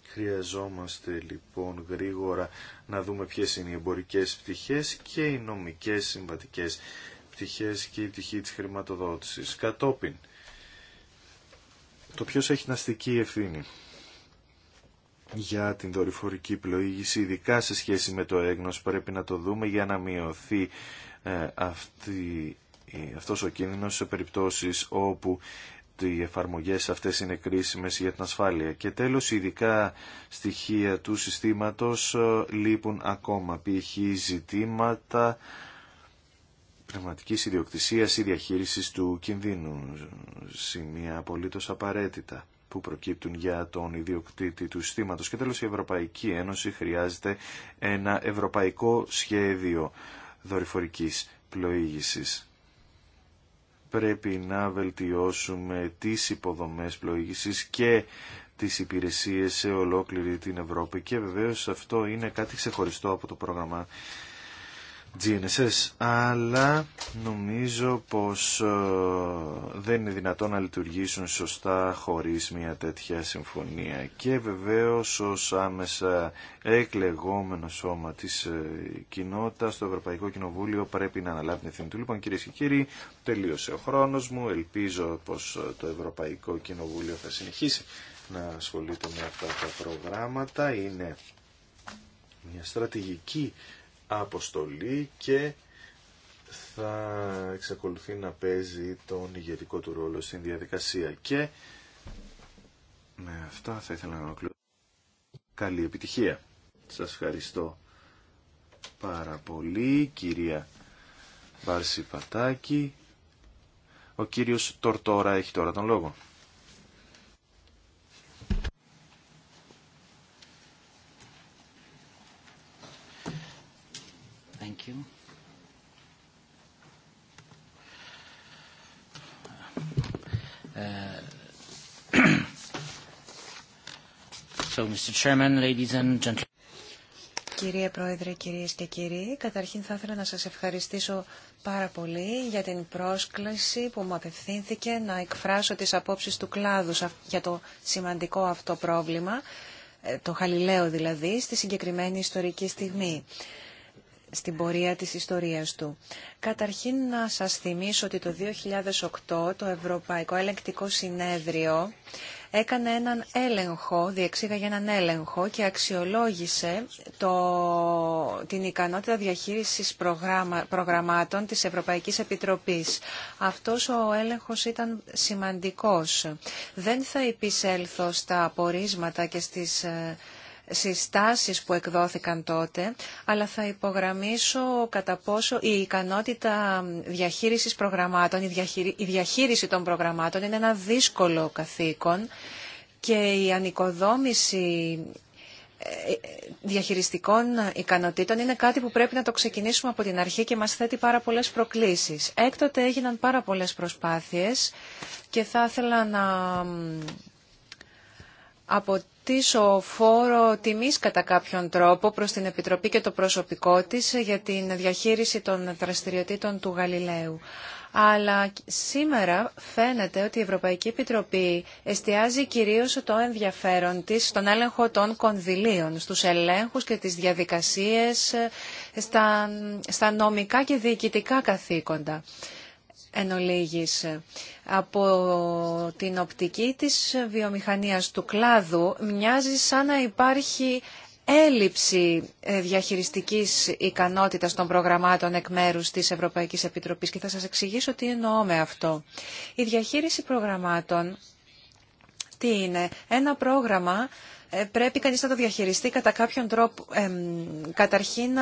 Χρειαζόμαστε λοιπόν γρήγορα να δούμε ποιες είναι οι εμπορικές πτυχές και οι νομικές συμβατικές πτυχές και η πτυχή της χρηματοδότησης. Κατόπιν, το ποιος έχει ναστική ευθύνη για την δορυφορική πλοήγηση, ειδικά σε σχέση με το έγνος, πρέπει να το δούμε για να μειωθεί ε, αυτή, ε, αυτός ο κίνδυνος σε περιπτώσεις όπου οι εφαρμογές αυτές είναι κρίσιμες για την ασφάλεια. Και τέλος, ειδικά στοιχεία του συστήματος ε, λείπουν ακόμα, π.χ. ζητήματα πνευματικής ιδιοκτησίας ή διαχείρισης του κινδύνου, σημεία απολύτως απαραίτητα που προκύπτουν για τον ιδιοκτήτη του συστήματος. Και τέλος η Ευρωπαϊκή Ένωση χρειάζεται ένα ευρωπαϊκό σχέδιο δορυφορικής πλοήγησης. Πρέπει να βελτιώσουμε τις υποδομές πλοήγησης και τις υπηρεσίες σε ολόκληρη την Ευρώπη και βεβαίως αυτό είναι κάτι ξεχωριστό από το πρόγραμμα GNSS, αλλά νομίζω πως ε, δεν είναι δυνατόν να λειτουργήσουν σωστά χωρίς μια τέτοια συμφωνία. Και βεβαίως ως άμεσα εκλεγόμενο σώμα της ε, κοινότητας, το Ευρωπαϊκό Κοινοβούλιο πρέπει να αναλάβει την ευθύνη του. Λοιπόν κυρίες και κύριοι, τελείωσε ο χρόνος μου. Ελπίζω πως ε, το Ευρωπαϊκό Κοινοβούλιο θα συνεχίσει να ασχολείται με αυτά τα προγράμματα. Είναι μια στρατηγική αποστολή και θα εξακολουθεί να παίζει τον ηγετικό του ρόλο στην διαδικασία. Και με αυτά θα ήθελα να ολοκληρώσω. Καλή επιτυχία. Σας ευχαριστώ πάρα πολύ, κυρία Βάρση Πατάκη. Ο κύριος Τορτόρα έχει τώρα τον λόγο. Uh, so, Mr. Chairman, ladies and gentlemen.
Κύριε Πρόεδρε, κυρίες και κύριοι, καταρχήν θα ήθελα να σας ευχαριστήσω πάρα πολύ για την πρόσκληση που μου απευθύνθηκε να εκφράσω τις απόψεις του κλάδου για το σημαντικό αυτό πρόβλημα, ε, το Χαλιλαίο δηλαδή, στη συγκεκριμένη ιστορική στιγμή στην πορεία της ιστορίας του. Καταρχήν να σας θυμίσω ότι το 2008 το Ευρωπαϊκό Ελεγκτικό Συνέδριο έκανε έναν έλεγχο, διεξήγαγε έναν έλεγχο και αξιολόγησε το, την ικανότητα διαχείρισης προγραμμάτων της Ευρωπαϊκής Επιτροπής. Αυτός ο έλεγχος ήταν σημαντικός. Δεν θα επισέλθω στα απορίσματα και στις ε, συστάσεις που εκδόθηκαν τότε, αλλά θα υπογραμμίσω κατά πόσο η ικανότητα διαχείρισης προγραμμάτων, η διαχείριση των προγραμμάτων είναι ένα δύσκολο καθήκον και η ανοικοδόμηση ε, διαχειριστικών ικανοτήτων είναι κάτι που πρέπει να το ξεκινήσουμε από την αρχή και μας θέτει πάρα πολλές προκλήσεις. Έκτοτε έγιναν πάρα πολλές προσπάθειες και θα ήθελα να, από, ζητήσω φόρο τιμής κατά κάποιον τρόπο προς την Επιτροπή και το προσωπικό της για την διαχείριση των δραστηριοτήτων του Γαλιλαίου. Αλλά σήμερα φαίνεται ότι η Ευρωπαϊκή Επιτροπή εστιάζει κυρίως το ενδιαφέρον της στον έλεγχο των κονδυλίων, στους ελέγχους και τις διαδικασίες, στα, στα νομικά και διοικητικά καθήκοντα εν ολίγης. Από την οπτική της βιομηχανίας του κλάδου μοιάζει σαν να υπάρχει έλλειψη ε, διαχειριστικής ικανότητας των προγραμμάτων εκ μέρους της Ευρωπαϊκής Επιτροπής και θα σας εξηγήσω τι εννοώ με αυτό. Η διαχείριση προγραμμάτων τι είναι. Ένα πρόγραμμα ε, πρέπει κανείς να το διαχειριστεί κατά κάποιον τρόπο, καταρχήν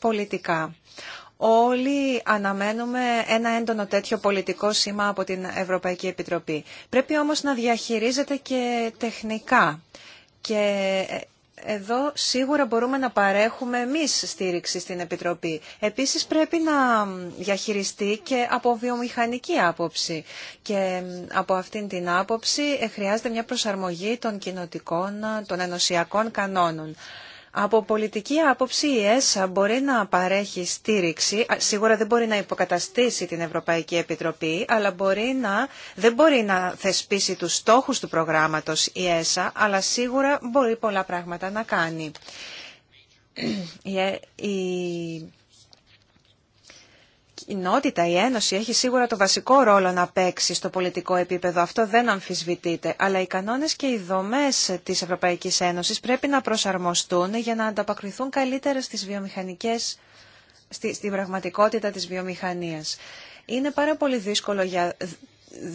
πολιτικά. Όλοι αναμένουμε ένα έντονο τέτοιο πολιτικό σήμα από την Ευρωπαϊκή Επιτροπή. Πρέπει όμως να διαχειρίζεται και τεχνικά. Και ε, εδώ σίγουρα μπορούμε να παρέχουμε εμείς στήριξη στην Επιτροπή. Επίσης πρέπει να διαχειριστεί και από βιομηχανική άποψη. Και από αυτήν την άποψη ε, χρειάζεται μια προσαρμογή των κοινοτικών, των ενωσιακών κανόνων. Από πολιτική άποψη η ΕΣΑ μπορεί να παρέχει στήριξη, σίγουρα δεν μπορεί να υποκαταστήσει την Ευρωπαϊκή Επιτροπή, αλλά μπορεί να, δεν μπορεί να θεσπίσει τους στόχους του προγράμματος η ΕΣΑ, αλλά σίγουρα μπορεί πολλά πράγματα να κάνει. Ε, κοινότητα, η Ένωση έχει σίγουρα το βασικό ρόλο να παίξει στο πολιτικό επίπεδο. Αυτό δεν αμφισβητείται. Αλλά οι κανόνε και οι δομέ τη Ευρωπαϊκή Ένωση πρέπει να προσαρμοστούν για να ανταπακριθούν καλύτερα στις βιομηχανικές, στη, στην πραγματικότητα τη βιομηχανία. Είναι πάρα πολύ δύσκολο για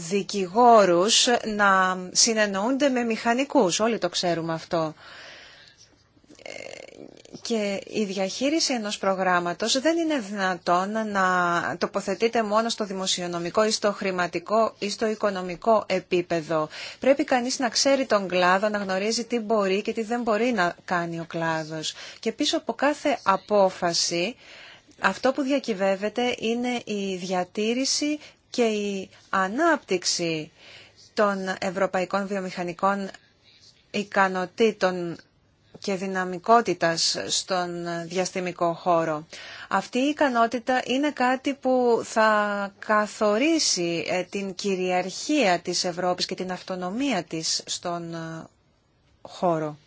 δικηγόρους να συνεννοούνται με μηχανικούς. Όλοι το ξέρουμε αυτό και η διαχείριση ενός προγράμματος δεν είναι δυνατόν να τοποθετείται μόνο στο δημοσιονομικό ή στο χρηματικό ή στο οικονομικό επίπεδο. Πρέπει κανείς να ξέρει τον κλάδο, να γνωρίζει τι μπορεί και τι δεν μπορεί να κάνει ο κλάδος. Και πίσω από κάθε απόφαση αυτό που διακυβεύεται είναι η διατήρηση και η ανάπτυξη των ευρωπαϊκών βιομηχανικών ικανοτήτων και δυναμικότητας στον διαστημικό χώρο. Αυτή η ικανότητα είναι κάτι που θα καθορίσει ε, την κυριαρχία της Ευρώπης και την αυτονομία της στον ε, χώρο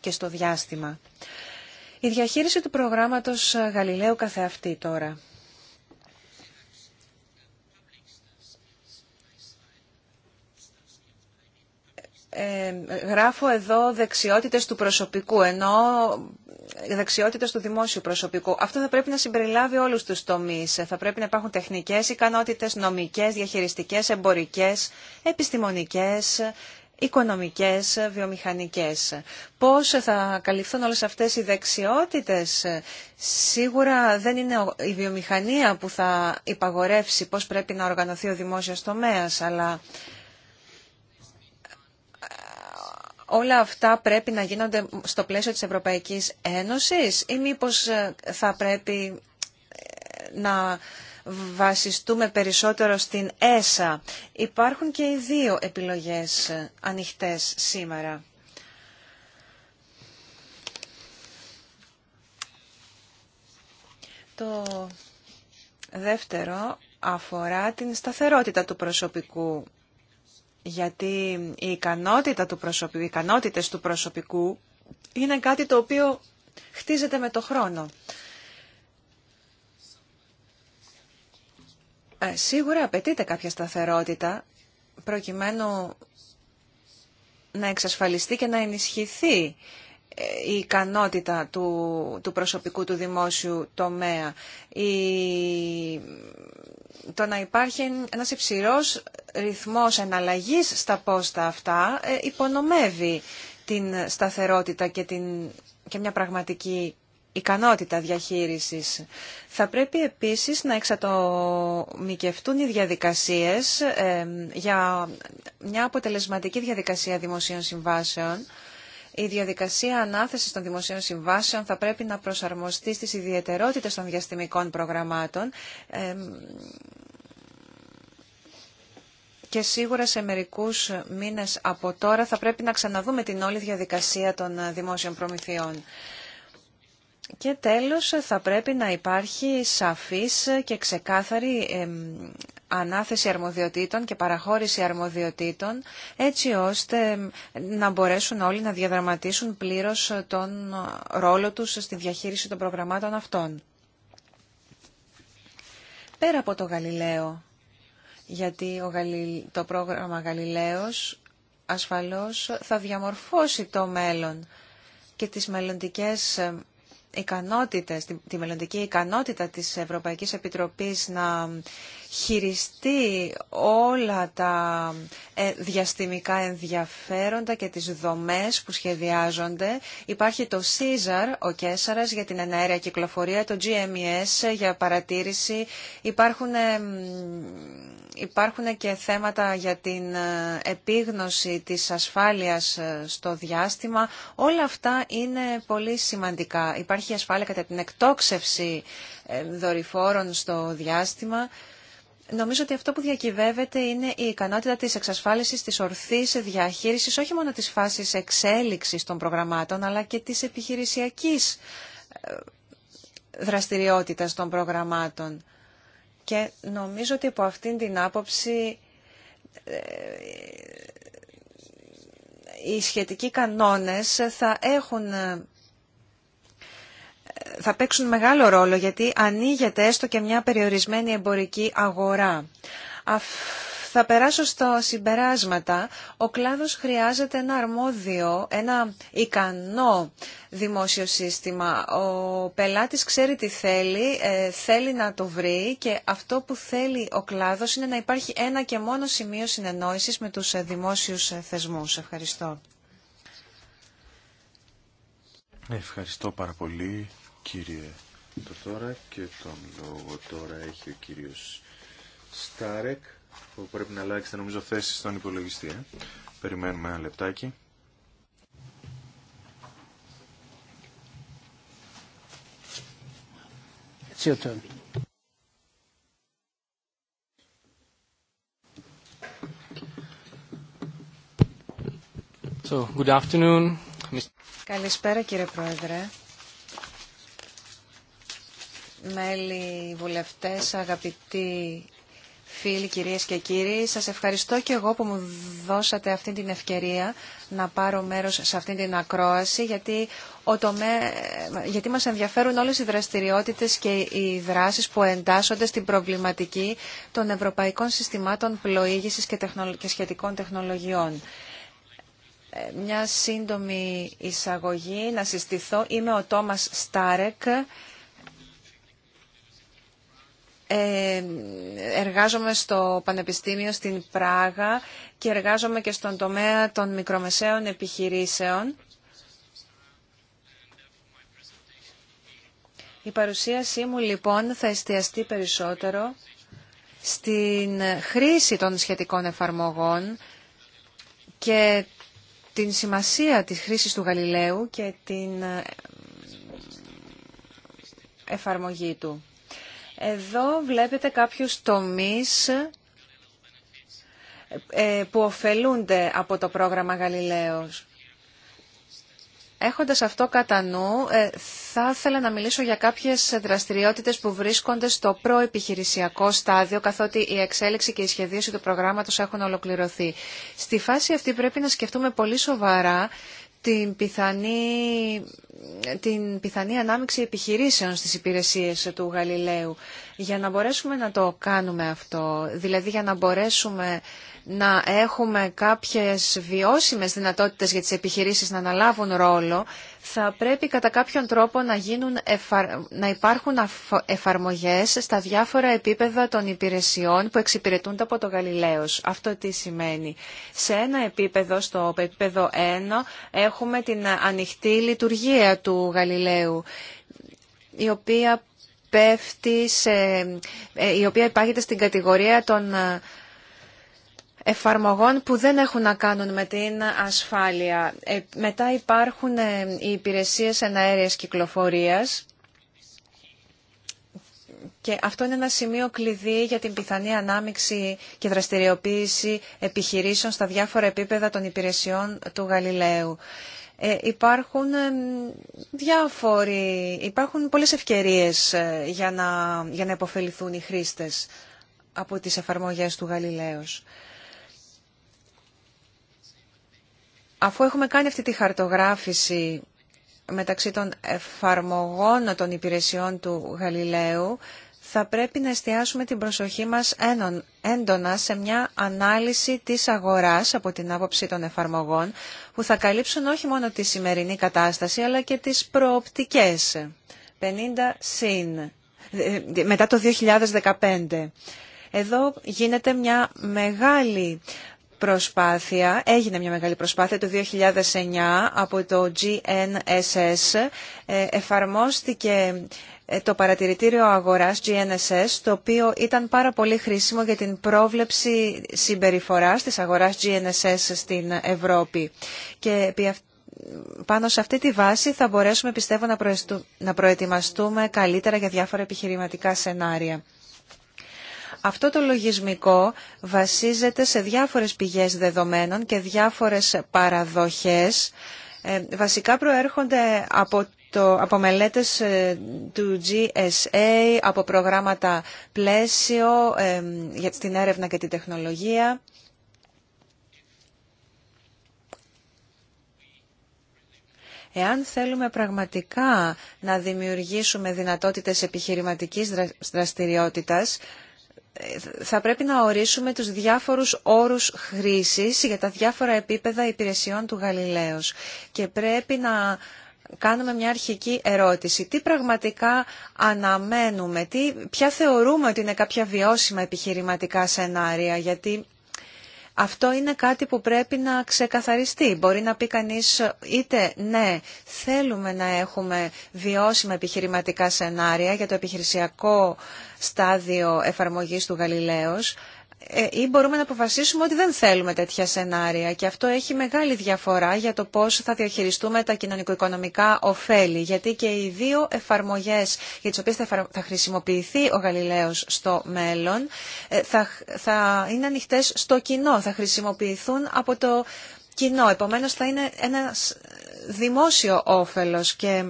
και στο διάστημα. Η διαχείριση του προγράμματος ε, Γαλιλαίου καθεαυτή τώρα. Ε, γράφω εδώ δεξιότητες του προσωπικού, ενώ δεξιότητες του δημόσιου προσωπικού. Αυτό θα πρέπει να συμπεριλάβει όλους τους τομείς. Θα πρέπει να υπάρχουν τεχνικές ικανότητες, νομικές, διαχειριστικές, εμπορικές, επιστημονικές, οικονομικές, βιομηχανικές. Πώς θα καλυφθούν όλες αυτές οι δεξιότητες. Σίγουρα δεν είναι η βιομηχανία που θα υπαγορεύσει πώς πρέπει να οργανωθεί ο δημόσιος τομέας, αλλά όλα αυτά πρέπει να γίνονται στο πλαίσιο της Ευρωπαϊκής Ένωσης ή μήπως ε, θα πρέπει ε, να βασιστούμε περισσότερο στην ΕΣΑ. Υπάρχουν και οι δύο επιλογές ε, ανοιχτές σήμερα. Το δεύτερο αφορά την σταθερότητα του προσωπικού γιατί η ικανότητα του προσωπικού, οι ικανότητες του προσωπικού είναι κάτι το οποίο χτίζεται με το χρόνο. Ε, σίγουρα απαιτείται κάποια σταθερότητα προκειμένου να εξασφαλιστεί και να ενισχυθεί ε, η ικανότητα του, του προσωπικού του δημόσιου τομέα. Η το να υπάρχει ένας υψηλός ρυθμός εναλλαγής στα πόστα αυτά ε, υπονομεύει την σταθερότητα και, την, και μια πραγματική ικανότητα διαχείρισης. Θα πρέπει επίσης να εξατομικευτούν οι διαδικασίες ε, για μια αποτελεσματική διαδικασία δημοσίων συμβάσεων η διαδικασία ανάθεσης των δημοσίων συμβάσεων θα πρέπει να προσαρμοστεί στις ιδιαίτερότητε των διαστημικών προγραμμάτων και σίγουρα σε μερικούς μήνες από τώρα θα πρέπει να ξαναδούμε την όλη διαδικασία των ε, δημόσιων προμηθειών. Και τέλος θα πρέπει να υπάρχει σαφής και ξεκάθαρη ανάθεση αρμοδιοτήτων και παραχώρηση αρμοδιοτήτων έτσι ώστε να μπορέσουν όλοι να διαδραματίσουν πλήρως τον ρόλο τους στη διαχείριση των προγραμμάτων αυτών. Πέρα από το Γαλιλαίο, γιατί το πρόγραμμα Γαλιλαίος ασφαλώς θα διαμορφώσει το μέλλον και τις μελλοντικές ε, ικανότητες, τη μελλοντική ικανότητα της Ευρωπαϊκής Επιτροπής να χειριστεί όλα τα ε, διαστημικά ενδιαφέροντα και τις δομές που σχεδιάζονται. Υπάρχει το Caesar, ο Κέσαρας, για την ενέργεια κυκλοφορία, το GMES ε, για παρατήρηση. Υπάρχουν, ε, υπάρχουν και θέματα για την επίγνωση της ασφάλειας στο διάστημα. Όλα αυτά είναι πολύ σημαντικά. Υπάρχει ασφάλεια κατά την εκτόξευση δορυφόρων στο διάστημα. Νομίζω ότι αυτό που διακυβεύεται είναι η ικανότητα της εξασφάλισης της ορθής διαχείρισης όχι μόνο της φάσης εξέλιξης των προγραμμάτων αλλά και της επιχειρησιακής ε, δραστηριότητας των προγραμμάτων. Και νομίζω ότι από αυτήν την άποψη ε, οι σχετικοί κανόνες θα έχουν ε, θα παίξουν μεγάλο ρόλο γιατί ανοίγεται έστω και μια περιορισμένη εμπορική αγορά. Θα περάσω στα συμπεράσματα. Ο κλάδος χρειάζεται ένα αρμόδιο, ένα ικανό δημόσιο σύστημα. Ο πελάτης ξέρει τι θέλει, ε, θέλει να το βρει και αυτό που θέλει ο κλάδος είναι να υπάρχει ένα και μόνο σημείο συνεννόησης με τους ε, δημόσιους ε, θεσμούς. Ευχαριστώ.
Ευχαριστώ πάρα πολύ κύριε τώρα και τον λόγο τώρα έχει ο κύριος Στάρεκ που πρέπει να αλλάξει, νομίζω θέση στον υπολογιστή. Ε. Περιμένουμε ένα λεπτάκι.
So, good afternoon. Καλησπέρα κύριε Πρόεδρε μέλη, βουλευτές, αγαπητοί φίλοι, κυρίες και κύριοι. Σας ευχαριστώ και εγώ που μου δώσατε αυτή την ευκαιρία να πάρω μέρος σε αυτή την ακρόαση, γιατί, ο τομέ... γιατί μας ενδιαφέρουν όλες οι δραστηριότητες και οι δράσεις που εντάσσονται στην προβληματική των ευρωπαϊκών συστημάτων πλοήγησης και, και σχετικών τεχνολογιών ε, μια σύντομη εισαγωγή, να συστηθώ. Είμαι ο Τόμας Στάρεκ, ε, εργάζομαι στο Πανεπιστήμιο στην Πράγα και εργάζομαι και στον τομέα των μικρομεσαίων επιχειρήσεων. Η παρουσίασή μου λοιπόν θα εστιαστεί περισσότερο στην χρήση των σχετικών εφαρμογών και την σημασία της χρήσης του Γαλιλαίου και την ε, εφαρμογή του. Εδώ βλέπετε κάποιους τομείς ε, που ωφελούνται από το πρόγραμμα Γαλιλαίος. Έχοντας αυτό κατά νου, ε, θα ήθελα να μιλήσω για κάποιες δραστηριότητες που βρίσκονται στο προεπιχειρησιακό στάδιο, καθότι η εξέλιξη και η σχεδίωση του προγράμματος έχουν ολοκληρωθεί. Στη φάση αυτή πρέπει να σκεφτούμε πολύ σοβαρά την πιθανή, την πιθανή ανάμειξη επιχειρήσεων στις υπηρεσίες του Γαλιλαίου. Για να μπορέσουμε να το κάνουμε αυτό, δηλαδή για να μπορέσουμε να έχουμε κάποιες βιώσιμες δυνατότητες για τις επιχειρήσεις να αναλάβουν ρόλο, θα πρέπει κατά κάποιον τρόπο να, γίνουν να υπάρχουν εφαρμογές στα διάφορα επίπεδα των υπηρεσιών που εξυπηρετούνται από το Γαλιλαίος. Αυτό τι σημαίνει. Σε ένα επίπεδο, στο επίπεδο 1, έχουμε την ανοιχτή λειτουργία του Γαλιλαίου, η οποία πέφτει σε, ε, η οποία στην κατηγορία των εφαρμογών που δεν έχουν να κάνουν με την ασφάλεια. Ε, μετά υπάρχουν ε, οι υπηρεσίες εναέρειας κυκλοφορίας και αυτό είναι ένα σημείο κλειδί για την πιθανή ανάμειξη και δραστηριοποίηση επιχειρήσεων στα διάφορα επίπεδα των υπηρεσιών του Γαλιλαίου. Ε, υπάρχουν ε, διάφοροι, υπάρχουν πολλές ευκαιρίες για, να, για να υποφεληθούν οι χρήστες από τις εφαρμογές του Γαλιλαίου. Αφού έχουμε κάνει αυτή τη χαρτογράφηση μεταξύ των εφαρμογών των υπηρεσιών του Γαλιλαίου, θα πρέπει να εστιάσουμε την προσοχή μας έντονα σε μια ανάλυση της αγοράς από την άποψη των εφαρμογών, που θα καλύψουν όχι μόνο τη σημερινή κατάσταση, αλλά και τις προοπτικές. 50 συν, ε, μετά το 2015. Εδώ γίνεται μια μεγάλη προσπάθεια, έγινε μια μεγάλη προσπάθεια το 2009 από το GNSS, ε, εφαρμόστηκε ε, το παρατηρητήριο αγοράς GNSS, το οποίο ήταν πάρα πολύ χρήσιμο για την πρόβλεψη συμπεριφοράς της αγοράς GNSS στην Ευρώπη. Και πάνω σε αυτή τη βάση θα μπορέσουμε πιστεύω να προετοιμαστούμε καλύτερα για διάφορα επιχειρηματικά σενάρια. Αυτό το λογισμικό βασίζεται σε διάφορες πηγές δεδομένων και διάφορες παραδοχές. Ε, βασικά προέρχονται από το, από μελέτες ε, του GSA, από προγράμματα πλαίσιο ε, για την έρευνα και την τεχνολογία. Εάν θέλουμε πραγματικά να δημιουργήσουμε δυνατότητες επιχειρηματικής δραστηριότητας, θα πρέπει να ορίσουμε τους διάφορους όρους χρήσης για τα διάφορα επίπεδα υπηρεσιών του Γαλιλαίος και πρέπει να κάνουμε μια αρχική ερώτηση. Τι πραγματικά αναμένουμε, τι, ποια θεωρούμε ότι είναι κάποια βιώσιμα επιχειρηματικά σενάρια, γιατί αυτό είναι κάτι που πρέπει να ξεκαθαριστεί. Μπορεί να πει κανείς είτε ναι, θέλουμε να έχουμε βιώσιμα επιχειρηματικά σενάρια για το επιχειρησιακό στάδιο εφαρμογής του Γαλιλαίος, ε, ή μπορούμε να αποφασίσουμε ότι δεν θέλουμε τέτοια σενάρια και αυτό έχει μεγάλη διαφορά για το πώς θα διαχειριστούμε τα κοινωνικο-οικονομικά ωφέλη γιατί και οι δύο εφαρμογές για τις οποίες θα χρησιμοποιηθεί ο Γαλιλαίος στο μέλλον ε, θα, θα είναι ανοιχτέ στο κοινό, θα χρησιμοποιηθούν από το κοινό. Επομένως θα είναι ένα δημόσιο όφελος και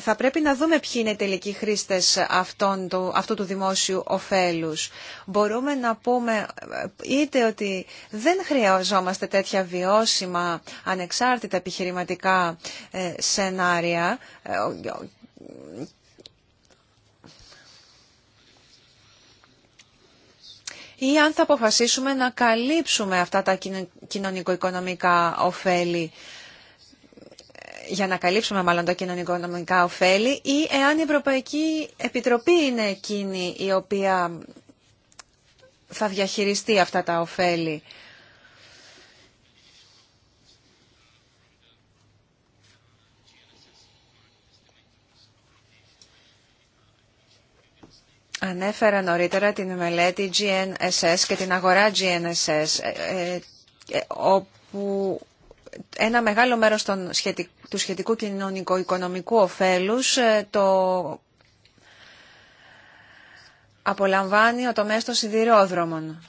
θα πρέπει να δούμε ποιοι είναι οι τελικοί χρήστες του, αυτού του δημόσιου ωφέλους. Μπορούμε να πούμε ε, είτε ότι δεν χρειαζόμαστε τέτοια βιώσιμα ανεξάρτητα επιχειρηματικά ε, σενάρια ε, ή αν θα αποφασίσουμε να καλύψουμε αυτά τα κοινωνικο-οικονομικά ωφέλη για να καλύψουμε μάλλον τα κοινωνικονομικά ωφέλη ή εάν η Ευρωπαϊκή Επιτροπή είναι εκείνη η οποία θα διαχειριστεί αυτά τα ωφέλη. Ανέφερα νωρίτερα την μελέτη GNSS και την αγορά GNSS, ε, ε, όπου ένα μεγάλο μέρος των του σχετικού κοινωνικο-οικονομικού ωφέλους ε, το απολαμβάνει ο τομέας των σιδηρόδρομων.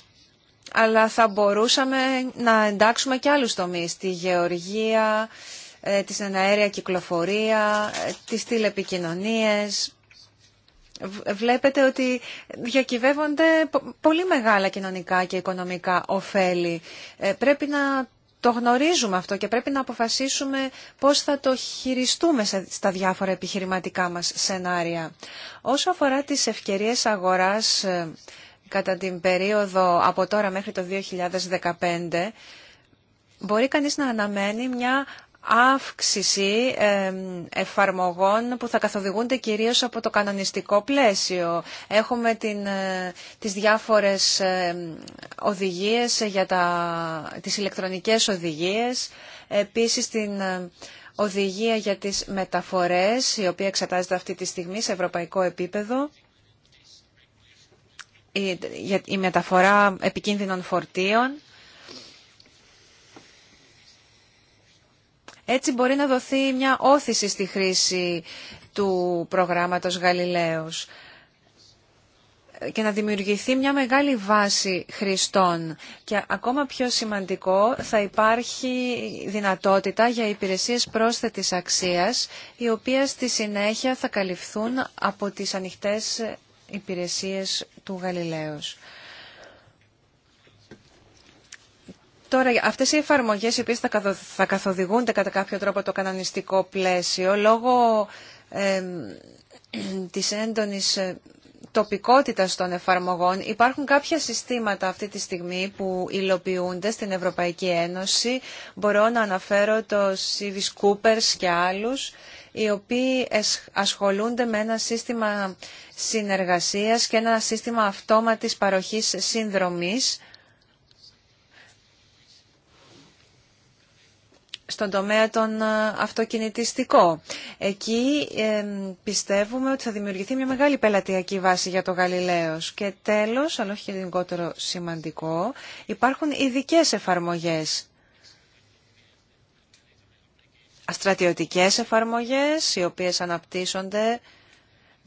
Αλλά θα μπορούσαμε να εντάξουμε και άλλους τομείς, τη γεωργία, ε, τη αέρια κυκλοφορία, ε, τις τηλεπικοινωνίες. Βλέπετε ότι διακυβεύονται πολύ μεγάλα κοινωνικά και οικονομικά ωφέλη. Πρέπει να το γνωρίζουμε αυτό και πρέπει να αποφασίσουμε πώς θα το χειριστούμε στα διάφορα επιχειρηματικά μας σενάρια. Όσο αφορά τις ευκαιρίες αγοράς ε, κατά την περίοδο από τώρα μέχρι το 2015, μπορεί κανείς να αναμένει μια αύξηση εφαρμογών που θα καθοδηγούνται κυρίως από το κανονιστικό πλαίσιο. Έχουμε την, ε, τις διάφορες οδηγίες για τα, τις ηλεκτρονικές οδηγίες, επίσης την ε, οδηγία για τις μεταφορές, η οποία εξετάζεται αυτή τη στιγμή σε ευρωπαϊκό επίπεδο η μεταφορά επικίνδυνων φορτίων. Έτσι μπορεί να δοθεί μια όθηση στη χρήση του προγράμματος Γαλιλαίος και να δημιουργηθεί μια μεγάλη βάση χρηστών. Και ακόμα πιο σημαντικό θα υπάρχει δυνατότητα για υπηρεσίες πρόσθετης αξίας, οι οποίες στη συνέχεια θα καλυφθούν από τις ανοιχτές υπηρεσίες του Γαλιλαίου. Τώρα, αυτές οι εφαρμογές οι οποίε θα καθοδηγούνται κατά κάποιο τρόπο το κανονιστικό πλαίσιο, λόγω ε, της έντονης ε, τοπικότητας των εφαρμογών, υπάρχουν κάποια συστήματα αυτή τη στιγμή που υλοποιούνται στην Ευρωπαϊκή Ένωση. Μπορώ να αναφέρω το Civis Κούπερς και άλλους, οι οποίοι ασχολούνται με ένα σύστημα συνεργασίας και ένα σύστημα αυτόματης παροχής σύνδρομης στον τομέα των ε, αυτοκινητιστικό. Εκεί ε, πιστεύουμε ότι θα δημιουργηθεί μια μεγάλη πελατειακή βάση για το Γαλιλαίος. Και τέλος, αλλά όχι γενικότερο σημαντικό, υπάρχουν ειδικέ εφαρμογές. Αστρατιωτικές εφαρμογές, οι οποίες αναπτύσσονται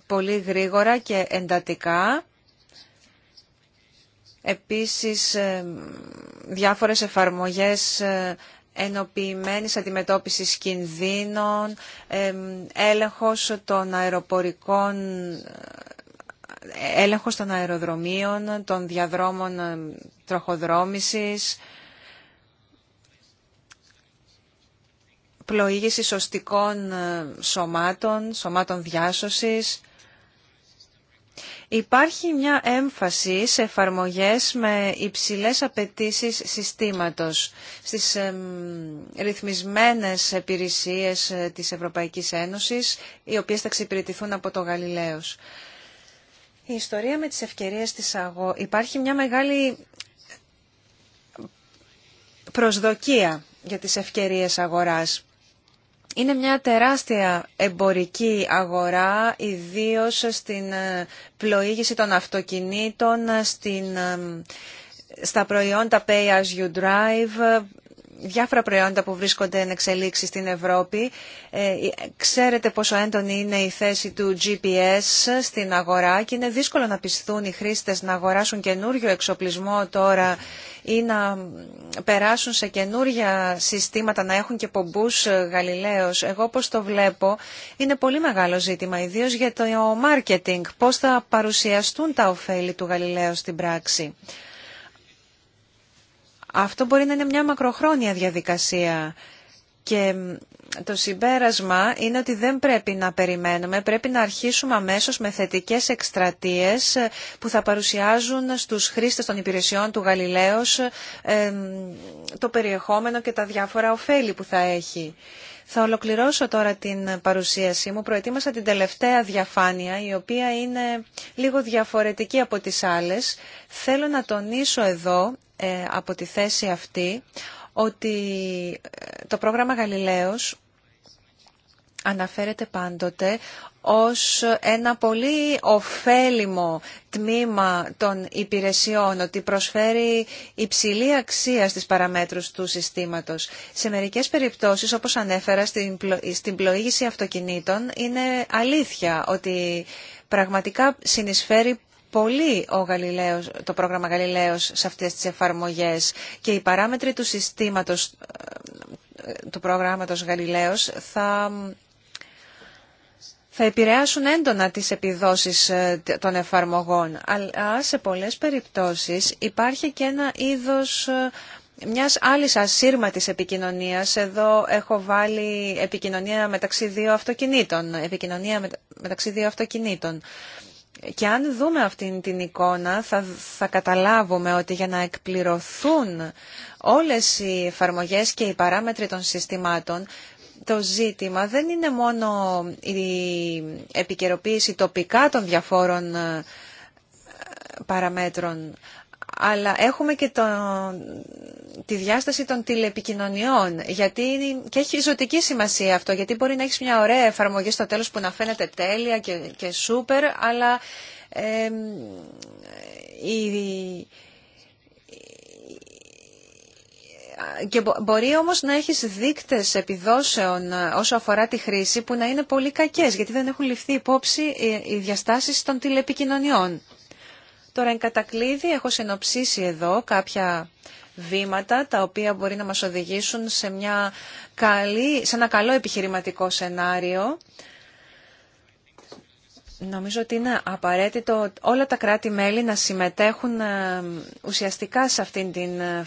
πολύ γρήγορα και εντατικά. Επίσης, ε, διάφορες εφαρμογές ενοποιημένης αντιμετώπισης κινδύνων, έλεγχος των αεροπορικών ε, έλεγχος των αεροδρομίων, των διαδρόμων τροχοδρόμησης, πλοήγηση σωστικών ε, σωμάτων, σωμάτων διάσωσης, Υπάρχει μια έμφαση σε εφαρμογές με υψηλές απαιτήσει συστήματος στις ρυθμισμένες υπηρεσίες ε, της Ευρωπαϊκής Ένωσης, οι οποίες θα εξυπηρετηθούν από το Γαλιλαίος. Η ιστορία με τις ευκαιρίες της ΑΓΟ υπάρχει μια μεγάλη προσδοκία για τις ευκαιρίες αγοράς. Είναι μια τεράστια εμπορική αγορά, ιδίως στην ε, πλοήγηση των αυτοκινήτων, στην, ε, στα προϊόντα Pay As You Drive, διάφορα προϊόντα που βρίσκονται εν εξελίξει στην Ευρώπη. Ε, ξέρετε πόσο έντονη είναι η θέση του GPS στην αγορά και είναι δύσκολο να πιστούν οι χρήστες να αγοράσουν καινούριο εξοπλισμό τώρα ή να περάσουν σε καινούρια συστήματα, να έχουν και πομπούς ε, γαλιλαίος. Εγώ όπως το βλέπω είναι πολύ μεγάλο ζήτημα, ιδίως για το marketing, πώς θα παρουσιαστούν τα ωφέλη του γαλιλαίου στην πράξη. Αυτό μπορεί να είναι μια μακροχρόνια διαδικασία και το συμπέρασμα είναι ότι δεν πρέπει να περιμένουμε, πρέπει να αρχίσουμε αμέσως με θετικές εκστρατείες ε, που θα παρουσιάζουν στους χρήστες των υπηρεσιών του Γαλιλαίος ε, το περιεχόμενο και τα διάφορα ωφέλη που θα έχει. Θα ολοκληρώσω τώρα την παρουσίασή μου. Προετοίμασα την τελευταία διαφάνεια, η οποία είναι λίγο διαφορετική από τις άλλες. Θέλω να τονίσω εδώ ε, από τη θέση αυτή ότι ε, το πρόγραμμα Γαλιλαίος αναφέρεται πάντοτε ως ένα πολύ ωφέλιμο τμήμα των υπηρεσιών, ότι προσφέρει υψηλή αξία στις παραμέτρους του συστήματος. Σε μερικές περιπτώσεις, όπως ανέφερα στην πλοήγηση αυτοκινήτων, είναι αλήθεια ότι πραγματικά συνεισφέρει πολύ ο Γαλιλαίος, το πρόγραμμα Γαλιλαίος σε αυτές τις εφαρμογές και οι παράμετροι του συστήματος ε, του προγράμματος Γαλιλαίος θα, θα επηρεάσουν έντονα τις επιδόσεις ε, των εφαρμογών. Αλλά σε πολλές περιπτώσεις υπάρχει και ένα είδος ε, μιας άλλης ασύρματης επικοινωνίας. Εδώ έχω βάλει επικοινωνία μεταξύ δύο αυτοκινήτων. Επικοινωνία μεταξύ δύο αυτοκινήτων. Και αν δούμε αυτήν την εικόνα θα, θα καταλάβουμε ότι για να εκπληρωθούν όλες οι εφαρμογές και οι παράμετροι των συστημάτων το ζήτημα δεν είναι μόνο η επικαιροποίηση τοπικά των διαφόρων ε, παραμέτρων αλλά έχουμε και το, τη διάσταση των τηλεπικοινωνιών, γιατί είναι, και έχει ζωτική σημασία αυτό, γιατί μπορεί να έχεις μια ωραία εφαρμογή στο τέλος που να φαίνεται τέλεια και, και σούπερ, αλλά και μπορεί όμως να έχεις δείκτες επιδόσεων ε, όσο αφορά τη χρήση που να είναι πολύ κακές, γιατί δεν έχουν ληφθεί υπόψη ε, οι διαστάσεις των τηλεπικοινωνιών. Τώρα, εν κατακλείδη, έχω συνοψίσει εδώ κάποια βήματα τα οποία μπορεί να μας οδηγήσουν σε, μια καλή, σε ένα καλό επιχειρηματικό σενάριο Νομίζω ότι είναι απαραίτητο όλα τα κράτη-μέλη να συμμετέχουν ε, ουσιαστικά σε αυτήν την ε,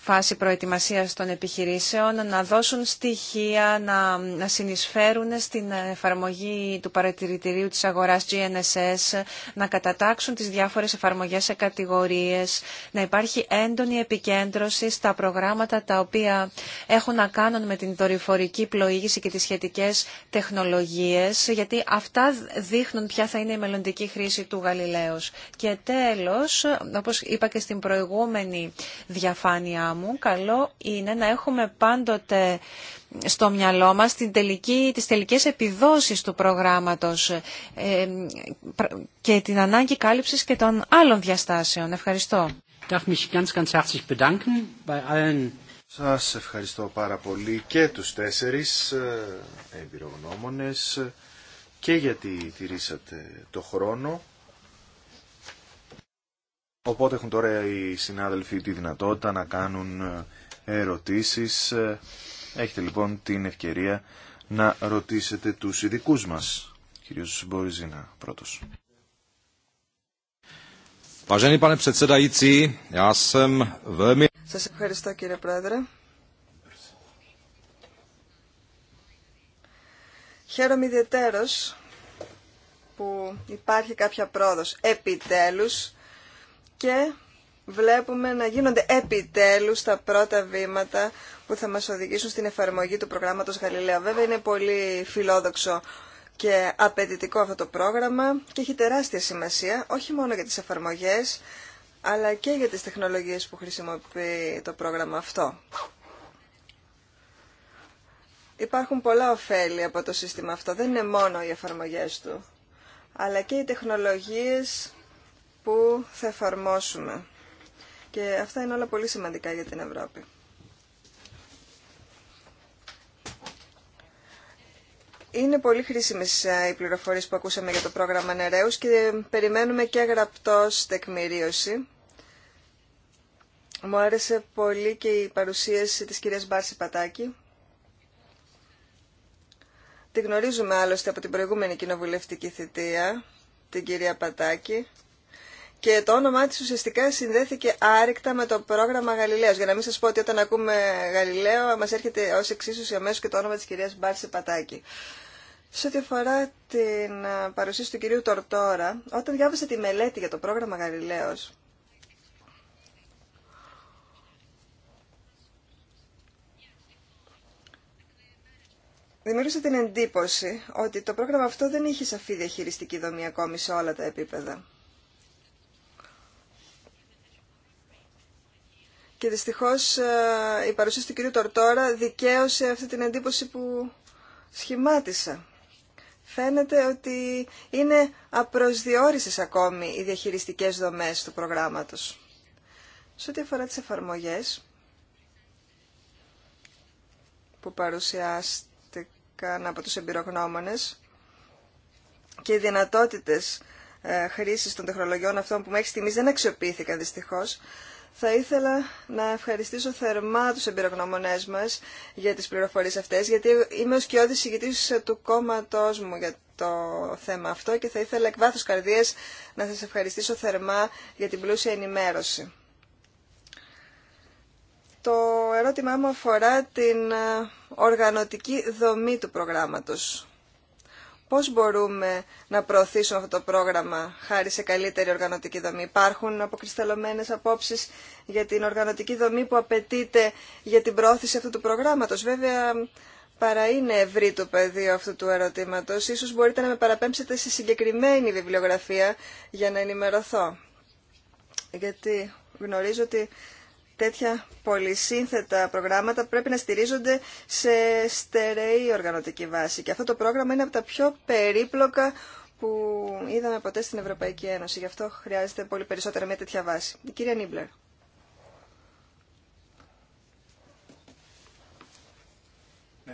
φάση προετοιμασίας των επιχειρήσεων, να δώσουν στοιχεία, να, να συνεισφέρουν στην εφαρμογή του παρατηρητηρίου της αγοράς GNSS, να κατατάξουν τις διάφορες εφαρμογές σε κατηγορίες, να υπάρχει έντονη επικέντρωση στα προγράμματα τα οποία έχουν να κάνουν με την δορυφορική πλοήγηση και τις σχετικές τεχνολογίες, γιατί αυτά δείχνουν ποια θα είναι η μελλοντική χρήση του Γαλιλαίος. Και τέλος, όπως είπα και στην προηγούμενη διαφάνειά μου, καλό είναι να έχουμε πάντοτε στο μυαλό μας την τελική, τις τελικές επιδόσεις του προγράμματος ε, και την ανάγκη κάλυψης και των άλλων διαστάσεων. Ευχαριστώ.
Σας ευχαριστώ πάρα πολύ και τους τέσσερις ε, εμπειρογνώμονες και γιατί τηρήσατε το χρόνο. Οπότε έχουν τώρα οι συνάδελφοι τη δυνατότητα να κάνουν ε, ερωτήσεις. Ε, έχετε λοιπόν την ευκαιρία να ρωτήσετε τους ειδικούς μας. Κύριος Μποριζίνα πρώτος. Σας
ευχαριστώ κύριε Πρόεδρε. Χαίρομαι ιδιαίτερος που υπάρχει κάποια πρόοδος επιτέλους και βλέπουμε να γίνονται επιτέλους τα πρώτα βήματα που θα μας οδηγήσουν στην εφαρμογή του προγράμματος Γαλιλαίου. Βέβαια είναι πολύ φιλόδοξο και απαιτητικό αυτό το πρόγραμμα και έχει τεράστια σημασία όχι μόνο για τις εφαρμογές αλλά και για τις τεχνολογίες που χρησιμοποιεί το πρόγραμμα αυτό. Υπάρχουν πολλά ωφέλη από το σύστημα αυτό. Δεν είναι μόνο οι εφαρμογές του, αλλά και οι τεχνολογίες που θα εφαρμόσουμε. Και αυτά είναι όλα πολύ σημαντικά για την Ευρώπη. Είναι πολύ χρήσιμε ε, οι πληροφορίες που ακούσαμε για το πρόγραμμα Νερέους και περιμένουμε και γραπτός τεκμηρίωση. Μου άρεσε πολύ και η παρουσίαση της κυρίας Μπάρση Πατάκη την γνωρίζουμε άλλωστε από την προηγούμενη κοινοβουλευτική θητεία, την κυρία Πατάκη. Και το όνομά της ουσιαστικά συνδέθηκε άρρηκτα με το πρόγραμμα Γαλιλαίος. Για να μην σας πω ότι όταν ακούμε Γαλιλαίο μας έρχεται ως εξίσωση αμέσως και το όνομα της κυρίας Μπάρση Πατάκη. Σε ό,τι αφορά την ε, παρουσίαση του κυρίου Τορτόρα, όταν διάβασα τη μελέτη για το πρόγραμμα Γαλιλαίος, δημιούργησε την εντύπωση ότι το πρόγραμμα αυτό δεν είχε σαφή διαχειριστική δομή ακόμη σε όλα τα επίπεδα. Και δυστυχώς ε, η παρουσία του κυρίου Τορτόρα δικαίωσε αυτή την εντύπωση που σχημάτισα. Φαίνεται ότι είναι απροσδιόρισες ακόμη οι διαχειριστικές δομές του προγράμματος. Σε ό,τι αφορά τις εφαρμογές που παρουσιάστηκαν, από τους εμπειρογνώμονες και οι δυνατότητες ε, χρήσης των τεχνολογιών αυτών που μέχρι στιγμής δεν αξιοποιήθηκαν δυστυχώς, θα ήθελα να ευχαριστήσω θερμά τους εμπειρογνωμονές μας για τις πληροφορίες αυτές, γιατί είμαι ο σκιώδης ηγητής του κόμματο μου για το θέμα αυτό και θα ήθελα εκ βάθους καρδίας να σας ευχαριστήσω θερμά για την πλούσια ενημέρωση. Το ερώτημά μου αφορά την ε, οργανωτική δομή του προγράμματος. Πώς μπορούμε να προωθήσουμε αυτό το πρόγραμμα χάρη σε καλύτερη οργανωτική δομή. Υπάρχουν αποκρισταλωμένες απόψεις για την οργανωτική δομή που απαιτείται για την προώθηση αυτού του προγράμματος. Βέβαια, παρά είναι ευρύ το πεδίο αυτού του ερωτήματος, ίσως μπορείτε να με παραπέμψετε σε συγκεκριμένη βιβλιογραφία για να ενημερωθώ. Γιατί γνωρίζω ότι τέτοια πολυσύνθετα προγράμματα πρέπει να στηρίζονται σε στερεή οργανωτική βάση. Και αυτό το πρόγραμμα είναι από τα πιο περίπλοκα που είδαμε ποτέ στην Ευρωπαϊκή Ένωση. Γι' αυτό χρειάζεται πολύ περισσότερα μια τέτοια βάση. Η κυρία Νίμπλερ.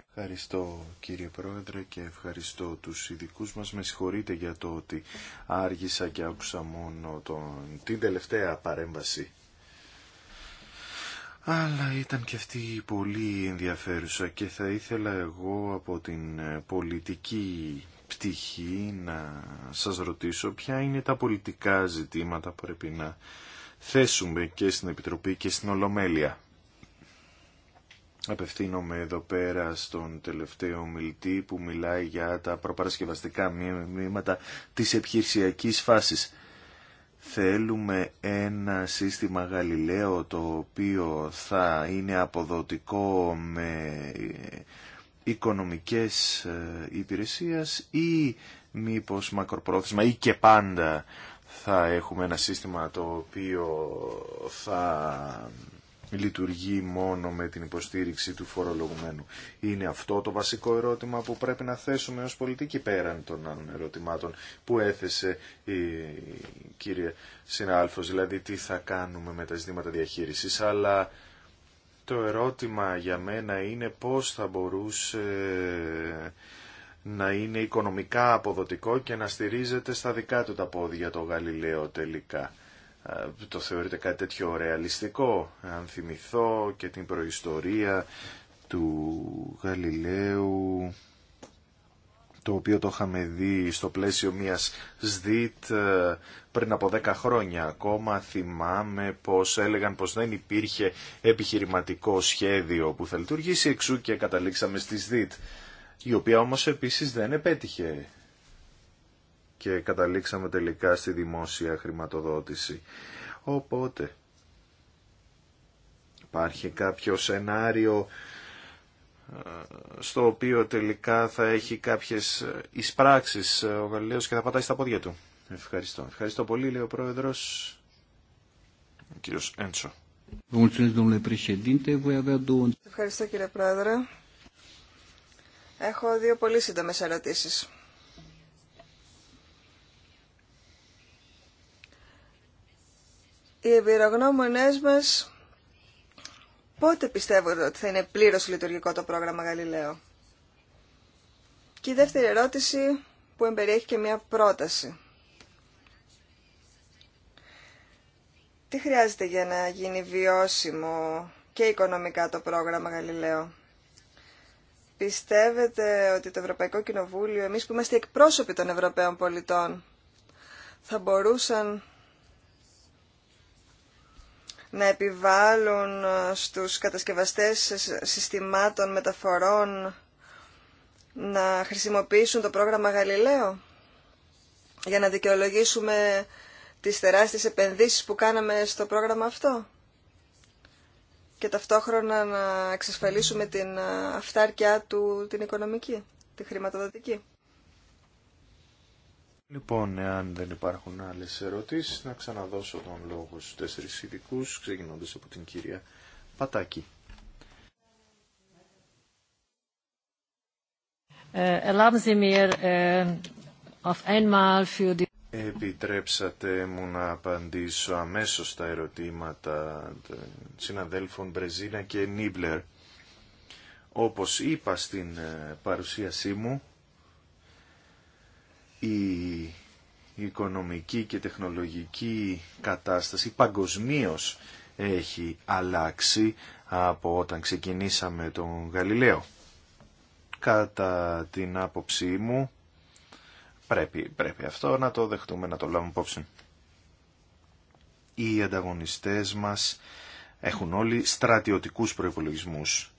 Ευχαριστώ κύριε Πρόεδρε και ευχαριστώ τους ειδικού μας. Με συγχωρείτε για το ότι άργησα και άκουσα μόνο τον... την τελευταία παρέμβαση αλλά ήταν και αυτή πολύ ενδιαφέρουσα και θα ήθελα εγώ από την πολιτική πτυχή να σας ρωτήσω ποια είναι τα πολιτικά ζητήματα που πρέπει να θέσουμε και στην Επιτροπή και στην Ολομέλεια. Απευθύνομαι εδώ πέρα στον τελευταίο μιλητή που μιλάει για τα προπαρασκευαστικά μήματα της επιχειρησιακής φάσης. Θέλουμε ένα σύστημα Γαλιλαίο το οποίο θα είναι αποδοτικό με οικονομικές ε, υπηρεσίες ή μήπως μακροπρόθεσμα ή και πάντα θα έχουμε ένα σύστημα το οποίο θα λειτουργεί μόνο με την υποστήριξη του φορολογουμένου. Είναι αυτό το βασικό ερώτημα που πρέπει να θέσουμε ως πολιτική πέραν των άλλων ερωτημάτων που έθεσε η κύριε συνάλφος, δηλαδή τι θα κάνουμε με τα ζητήματα διαχείρισης, αλλά... Το ερώτημα για μένα είναι πώς θα μπορούσε να είναι οικονομικά αποδοτικό και να στηρίζεται στα δικά του τα πόδια το Γαλιλαίο τελικά. Ε, το θεωρείτε κάτι τέτοιο ρεαλιστικό, αν θυμηθώ και την προϊστορία του Γαλιλαίου, το οποίο το είχαμε δει στο πλαίσιο μιας ΣΔΙΤ ε, πριν από 10 χρόνια ακόμα. Θυμάμαι πως έλεγαν πως δεν υπήρχε επιχειρηματικό σχέδιο που θα λειτουργήσει εξού και καταλήξαμε στη ΣΔΙΤ, η οποία όμως επίσης δεν επέτυχε και καταλήξαμε τελικά στη δημόσια χρηματοδότηση. Οπότε, υπάρχει κάποιο σενάριο ε, στο οποίο τελικά θα έχει κάποιες εισπράξεις ε, ο Γαλλίος και θα πατάει στα πόδια του. Ευχαριστώ. Ευχαριστώ πολύ, λέει ο Πρόεδρος, ο κύριος Έντσο.
Ευχαριστώ κύριε Πρόεδρε. Έχω δύο πολύ σύντομες ερωτήσεις. οι εμπειρογνώμονές μας πότε πιστεύετε ότι θα είναι πλήρως λειτουργικό το πρόγραμμα Γαλιλαίο. Και η δεύτερη ερώτηση που εμπεριέχει και μια πρόταση. Τι χρειάζεται για να γίνει βιώσιμο και οικονομικά το πρόγραμμα Γαλιλαίο. Πιστεύετε ότι το Ευρωπαϊκό Κοινοβούλιο, εμείς που είμαστε εκπρόσωποι των Ευρωπαίων πολιτών, θα μπορούσαν να επιβάλλουν στους κατασκευαστές συστημάτων μεταφορών να χρησιμοποιήσουν το πρόγραμμα Γαλιλαίο για να δικαιολογήσουμε τις τεράστιες επενδύσεις που κάναμε στο πρόγραμμα αυτό και ταυτόχρονα να εξασφαλίσουμε την ε, αυτάρκεια του την οικονομική, τη χρηματοδοτική.
Λοιπόν, εάν δεν υπάρχουν άλλες ερωτήσεις, να ξαναδώσω τον λόγο στου τέσσερι ειδικού, ξεκινώντα από την κυρία Πατάκη.
Ε, ε,
Επιτρέψατε μου να απαντήσω αμέσως στα ερωτήματα των συναδέλφων Μπρεζίνα και Νίμπλερ. Όπως είπα στην ε, παρουσίασή μου, η οικονομική και τεχνολογική κατάσταση παγκοσμίω έχει αλλάξει από όταν ξεκινήσαμε τον Γαλιλαίο. Κατά την άποψή μου πρέπει, πρέπει αυτό να το δεχτούμε, να το λάβουμε υπόψη. Οι ανταγωνιστές μας έχουν όλοι στρατιωτικούς προϋπολογισμούς.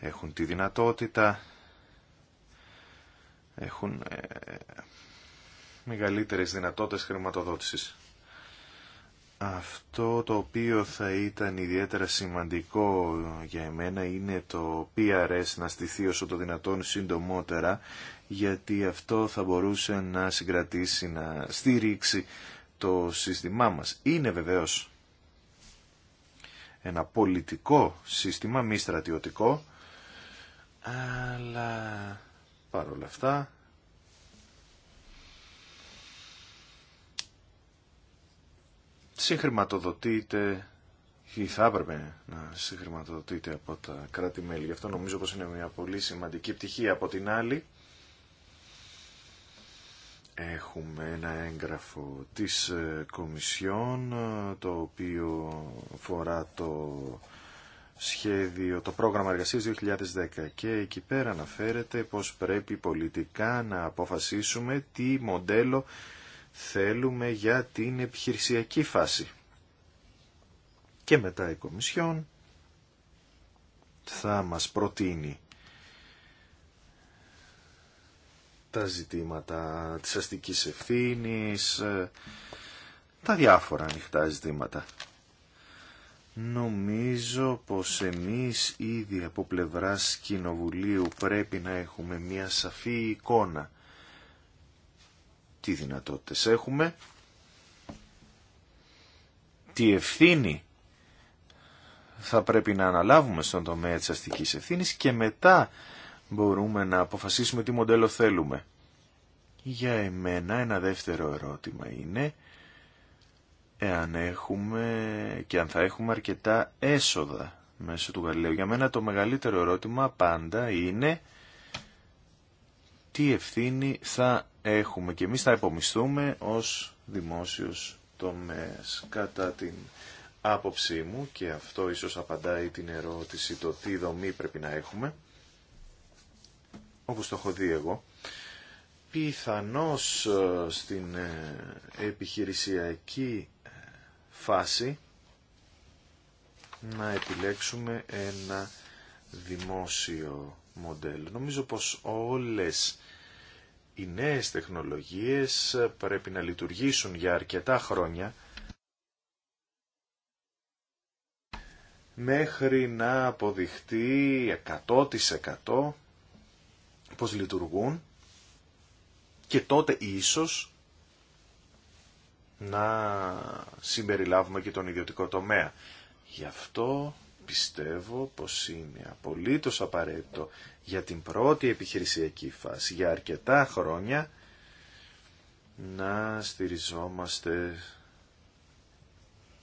Έχουν τη δυνατότητα, έχουν ε, μεγαλύτερες δυνατότητες χρηματοδότησης. Αυτό το οποίο θα ήταν ιδιαίτερα σημαντικό για εμένα είναι το PRS να στηθεί όσο το δυνατόν συντομότερα γιατί αυτό θα μπορούσε να συγκρατήσει, να στηρίξει το σύστημά μας. Είναι βεβαίως ένα πολιτικό σύστημα, μη στρατιωτικό, αλλά παρόλα αυτά συγχρηματοδοτείται ή θα έπρεπε να συγχρηματοδοτείται από τα κράτη-μέλη. Γι' αυτό νομίζω πως είναι μια πολύ σημαντική πτυχή. Από την άλλη, έχουμε ένα έγγραφο της ε, Κομισιόν, ε, το οποίο φορά το σχέδιο, το πρόγραμμα εργασίας 2010 και εκεί πέρα αναφέρεται πως πρέπει πολιτικά να αποφασίσουμε τι μοντέλο θέλουμε για την επιχειρησιακή φάση. Και μετά η Κομισιόν θα μας προτείνει τα ζητήματα της αστικής ευθύνης, τα διάφορα ανοιχτά ζητήματα. Νομίζω πως εμείς ήδη από πλευράς Κοινοβουλίου πρέπει να έχουμε μια σαφή εικόνα τι δυνατότητες έχουμε, τι ευθύνη θα πρέπει να αναλάβουμε στον τομέα της αστικής ευθύνης και μετά μπορούμε να αποφασίσουμε τι μοντέλο θέλουμε. Για εμένα ένα δεύτερο ερώτημα είναι εάν έχουμε και αν θα έχουμε αρκετά έσοδα μέσω του Γαλλίου. Για μένα το μεγαλύτερο ερώτημα πάντα είναι τι ευθύνη θα έχουμε και εμείς θα υπομισθούμε ως δημόσιους τομέας. Κατά την άποψή μου και αυτό ίσως απαντάει την ερώτηση το τι δομή πρέπει να έχουμε όπως το έχω δει εγώ πιθανώς ε, στην ε, επιχειρησιακή ε, φάση να επιλέξουμε ένα δημόσιο μοντέλο. Νομίζω πως όλες οι νέες τεχνολογίες πρέπει να λειτουργήσουν για αρκετά χρόνια μέχρι να αποδειχτεί 100% πως λειτουργούν και τότε ίσως να συμπεριλάβουμε και τον ιδιωτικό τομέα. Γι' αυτό πιστεύω πως είναι απολύτως απαραίτητο για την πρώτη επιχειρησιακή φάση για αρκετά χρόνια να στηριζόμαστε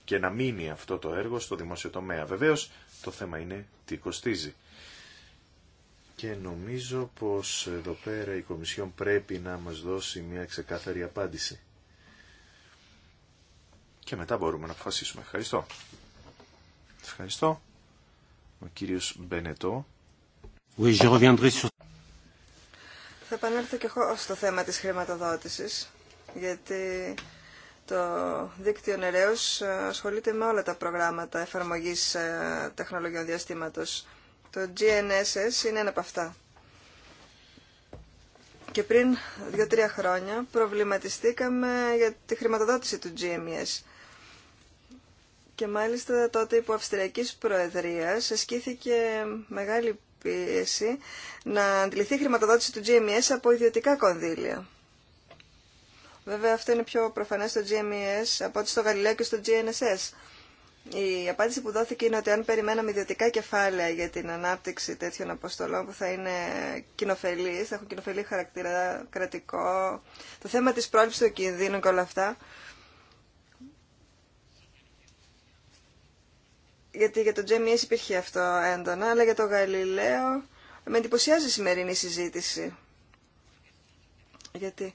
και να μείνει αυτό το έργο στο δημόσιο τομέα. Βεβαίως το θέμα είναι τι κοστίζει. Και νομίζω πως εδώ πέρα η Κομισιόν πρέπει να μας δώσει μια ξεκάθαρη απάντηση. Και μετά μπορούμε να αποφασίσουμε. Ευχαριστώ. Ευχαριστώ. Ο κύριος Μπενετό.
Θα
επανέλθω και εγώ στο θέμα της χρηματοδότησης, γιατί το δίκτυο Νερέως ε, ασχολείται με όλα τα προγράμματα εφαρμογής ε, τεχνολογιών διαστήματος. Το GNSS είναι ένα από αυτά. Και πριν δύο-τρία χρόνια προβληματιστήκαμε για τη χρηματοδότηση του GMS. Και μάλιστα τότε υπό Αυστριακής Προεδρίας ασκήθηκε μεγάλη πίεση να αντιληφθεί η χρηματοδότηση του GMS e από ιδιωτικά κονδύλια. Βέβαια αυτό είναι πιο προφανές στο GMS e από ό,τι στο Γαλιλαίο και στο GNSS. Η απάντηση που δόθηκε είναι ότι αν περιμέναμε ιδιωτικά κεφάλαια για την ανάπτυξη τέτοιων αποστολών που θα είναι κοινοφελείς, θα έχουν κοινοφελή χαρακτήρα κρατικό, το θέμα τη πρόληψη των κινδύνων και όλα αυτά, γιατί για το GMS υπήρχε αυτό έντονα, αλλά για τον Γαλιλαίο με εντυπωσιάζει η σημερινή συζήτηση. Γιατί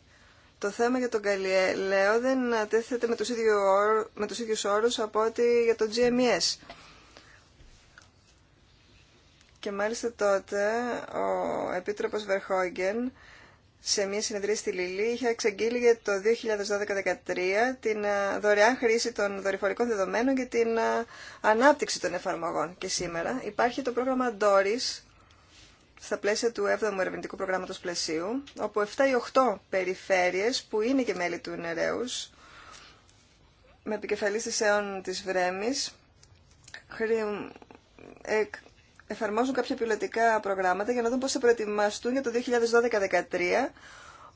το θέμα για τον Γαλιλαίο δεν τέθεται με τους, ίδιου όρου, ίδιους όρους από ότι για το GMS. Και μάλιστα τότε ο Επίτροπος Βερχόγγεν σε μια συνεδρία στη Λιλή είχε εξαγγείλει το 2012-2013 την ε, δωρεάν χρήση των δορυφορικών δεδομένων και την ε, ανάπτυξη των εφαρμογών. Και σήμερα υπάρχει το πρόγραμμα DORIS στα πλαίσια του 7ου ερευνητικού προγράμματος πλαισίου, όπου 7 ή 8 περιφέρειες που είναι και μέλη του Νερέους, με επικεφαλής της αιών της Βρέμης, ε, εφαρμόζουν κάποια πιλωτικά προγράμματα για να δουν πώς θα προετοιμαστούν για το 2012-2013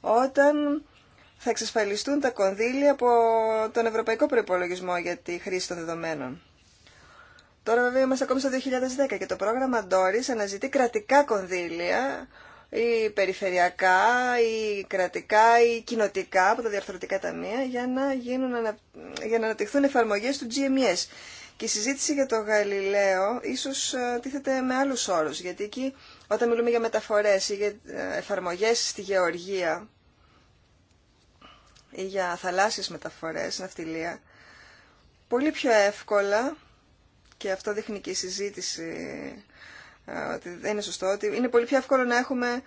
όταν θα εξασφαλιστούν τα κονδύλια από τον Ευρωπαϊκό Προϋπολογισμό για τη χρήση των δεδομένων. Τώρα βέβαια είμαστε ακόμη στο 2010 και το πρόγραμμα Doris αναζητεί κρατικά κονδύλια ή περιφερειακά ή κρατικά ή κοινοτικά από τα διαρθρωτικά ταμεία για να, γίνουν, για να αναπτυχθούν εφαρμογές του GMS και η συζήτηση για το Γαλιλαίο ίσως ε, τίθεται με άλλους όρους, γιατί εκεί όταν μιλούμε για μεταφορές ή για ε, εφαρμογές στη γεωργία ή για θαλάσσιες μεταφορές, ναυτιλία, πολύ πιο εύκολα, και αυτό δείχνει και η συζήτηση ε, ότι δεν είναι σωστό, ότι είναι πολύ πιο εύκολο να έχουμε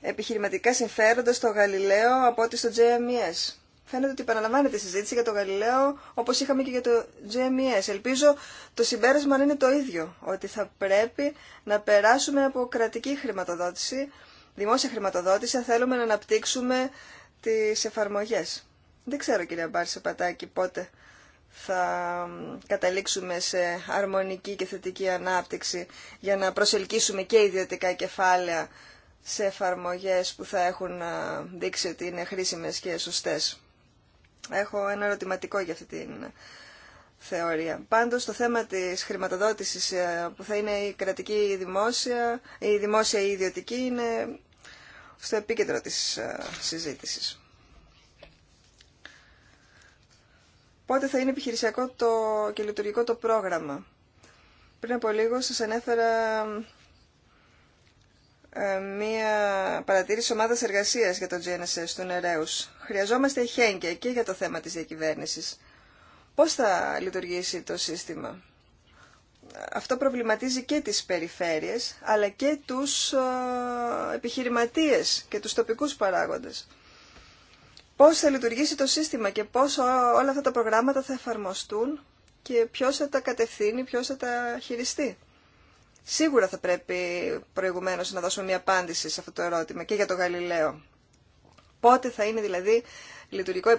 επιχειρηματικά συμφέροντα στο Γαλιλαίο από ότι στο JMS φαίνεται ότι επαναλαμβάνεται η συζήτηση για το Γαλιλαίο όπω είχαμε και για το GMES. Ελπίζω το συμπέρασμα να είναι το ίδιο, ότι θα πρέπει να περάσουμε από κρατική χρηματοδότηση, δημόσια χρηματοδότηση, αν θέλουμε να αναπτύξουμε τι εφαρμογές. Δεν ξέρω κυρία Μπάρση Πατάκη πότε θα καταλήξουμε σε αρμονική και θετική ανάπτυξη για να προσελκύσουμε και ιδιωτικά κεφάλαια σε εφαρμογές που θα έχουν ε, δείξει ότι είναι χρήσιμες και σωστές έχω ένα ερωτηματικό για αυτή την θεωρία. Πάντως το θέμα της χρηματοδότησης ε, που θα είναι η κρατική ή η δημόσια, η δημόσια ή η δημοσια η είναι στο επίκεντρο της ε, συζήτησης. Πότε θα είναι επιχειρησιακό το και λειτουργικό το πρόγραμμα. Πριν από λίγο σας ανέφερα ε, μία παρατήρηση ομάδα εργασία για το GNSS του Νερέους. Χρειαζόμαστε χένκια και για το θέμα τη διακυβέρνηση. Πώ θα λειτουργήσει το σύστημα, Αυτό προβληματίζει και τις περιφέρειες, αλλά και τους ε, επιχειρηματίες και τους τοπικούς παράγοντες. Πώς θα λειτουργήσει το σύστημα και πώς όλα αυτά τα προγράμματα θα εφαρμοστούν και ποιος θα τα κατευθύνει, ποιος θα τα χειριστεί. Σίγουρα θα πρέπει προηγουμένως να δώσουμε μια απάντηση σε αυτό το ερώτημα και για το Γαλιλαίο. Πότε θα είναι δηλαδή λειτουργικό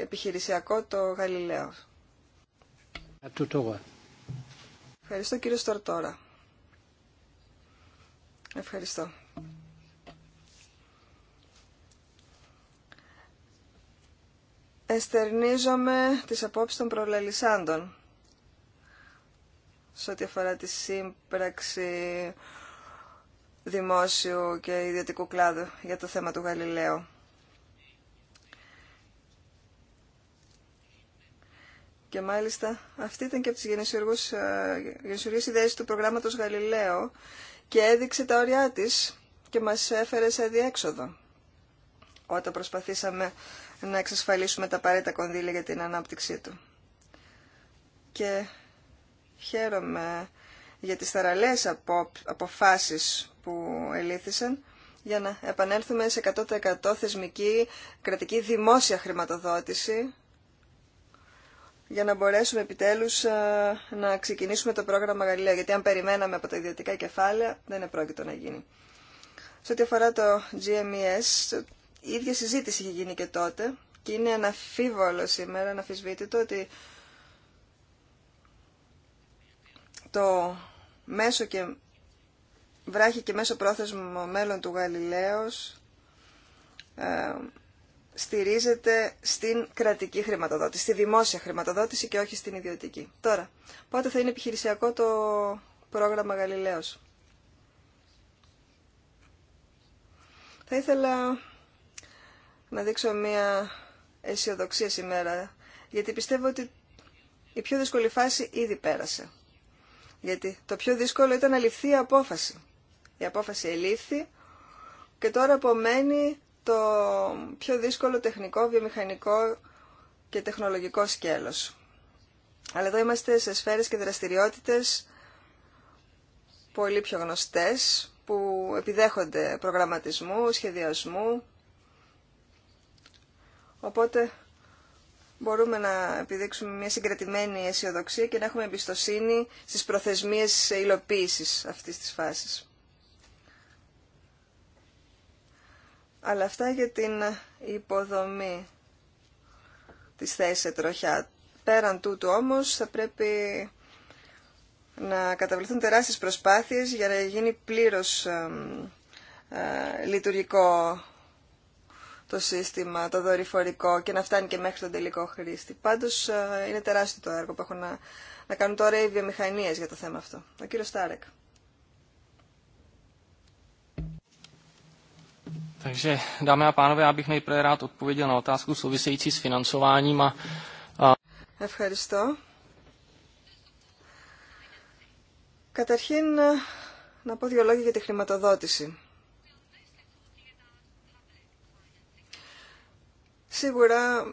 επιχειρησιακό το Γαλιλαίο. Ευχαριστώ κύριο Στορτόρα. Ευχαριστώ. Εστερνίζομαι τις απόψεις των προλαλισσάντων σε ό,τι αφορά τη σύμπραξη δημόσιου και ιδιωτικού κλάδου για το θέμα του Γαλιλαίου. Και μάλιστα αυτή ήταν και από τις γενισουργές ε, ιδέες του προγράμματος Γαλιλαίο και έδειξε τα όρια της και μας έφερε σε διέξοδο όταν προσπαθήσαμε να εξασφαλίσουμε τα απαραίτητα κονδύλια για την ανάπτυξή του. Και Χαίρομαι για τις θεραλές απο, αποφάσεις που ελήθησαν για να επανέλθουμε σε 100% θεσμική κρατική δημόσια χρηματοδότηση για να μπορέσουμε επιτέλους ε, να ξεκινήσουμε το πρόγραμμα Γαλλία. γιατί αν περιμέναμε από τα ιδιωτικά κεφάλαια δεν επρόκειτο να γίνει. Σε ό,τι αφορά το GMES, η ίδια συζήτηση είχε γίνει και τότε και είναι αναφίβολο σήμερα, αναφισβήτητο, ότι το μέσο και και μέσο πρόθεσμο μέλλον του Γαλιλαίος ε, στηρίζεται στην κρατική χρηματοδότηση, στη δημόσια χρηματοδότηση και όχι στην ιδιωτική. Τώρα, πότε θα είναι επιχειρησιακό το πρόγραμμα Γαλιλαίος. Θα ήθελα να δείξω μια αισιοδοξία σήμερα, γιατί πιστεύω ότι η πιο δύσκολη φάση ήδη πέρασε. Γιατί το πιο δύσκολο ήταν να ληφθεί η απόφαση. Η απόφαση ελήφθη και τώρα απομένει το πιο δύσκολο τεχνικό, βιομηχανικό και τεχνολογικό σκέλος. Αλλά εδώ είμαστε σε σφαίρες και δραστηριότητες πολύ πιο γνωστές που επιδέχονται προγραμματισμού, σχεδιασμού. Οπότε μπορούμε να επιδείξουμε μια συγκρατημένη αισιοδοξία και να έχουμε εμπιστοσύνη στις προθεσμίες υλοποίηση αυτής της φάσης. Αλλά αυτά για την υποδομή της θέσης τροχιά. Πέραν τούτου όμως θα πρέπει να καταβληθούν τεράστιες προσπάθειες για να γίνει πλήρως ε, λειτουργικό το σύστημα, το δορυφορικό και να φτάνει και μέχρι τον τελικό χρήστη. Πάντως ε, είναι τεράστιο το έργο που έχουν να, να κάνουν τώρα οι βιομηχανίε για το θέμα αυτό. Ο κύριο Στάρεκ.
Takže, a pánové, já nejprve
rád odpověděl na otázku související s financováním a... Ευχαριστώ. Καταρχήν, ε, να πω δύο λόγια για τη χρηματοδότηση. Σίγουρα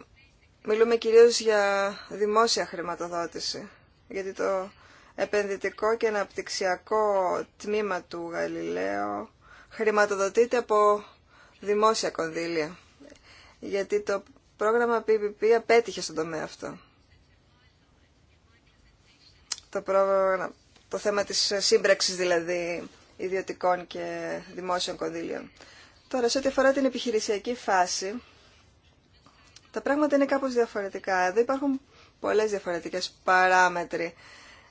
μιλούμε κυρίως για δημόσια χρηματοδότηση, γιατί το επενδυτικό και αναπτυξιακό τμήμα του Γαλιλαίου χρηματοδοτείται από δημόσια κονδύλια, γιατί το πρόγραμμα PPP απέτυχε στον τομέα αυτό. Το, το θέμα της σύμπραξης δηλαδή ιδιωτικών και δημόσιων κονδύλιων. Τώρα, σε ό,τι αφορά την επιχειρησιακή φάση, τα πράγματα είναι κάπως διαφορετικά. Εδώ υπάρχουν πολλές διαφορετικές παράμετροι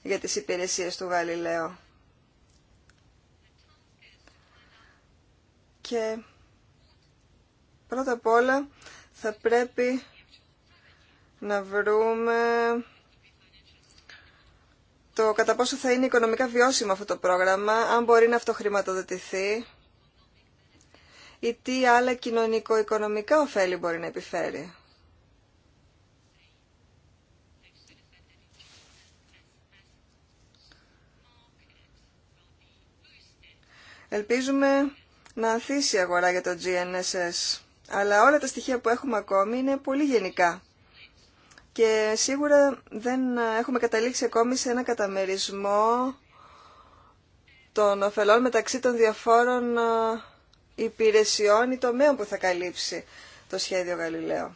για τις υπηρεσίες του Γαλιλαίου. Και πρώτα απ' όλα θα πρέπει να βρούμε το κατά πόσο θα είναι οικονομικά βιώσιμο αυτό το πρόγραμμα, αν μπορεί να αυτοχρηματοδοτηθεί ή τι άλλα κοινωνικο-οικονομικά ωφέλη μπορεί να επιφέρει. Ελπίζουμε να ανθίσει η αγορά για το GNSS. Αλλά όλα τα στοιχεία που έχουμε ακόμη είναι πολύ γενικά. Και σίγουρα δεν έχουμε καταλήξει ακόμη σε ένα καταμερισμό των ωφελών μεταξύ των διαφόρων ε, υπηρεσιών ή τομέων που θα καλύψει το σχέδιο Γαλιλαίο.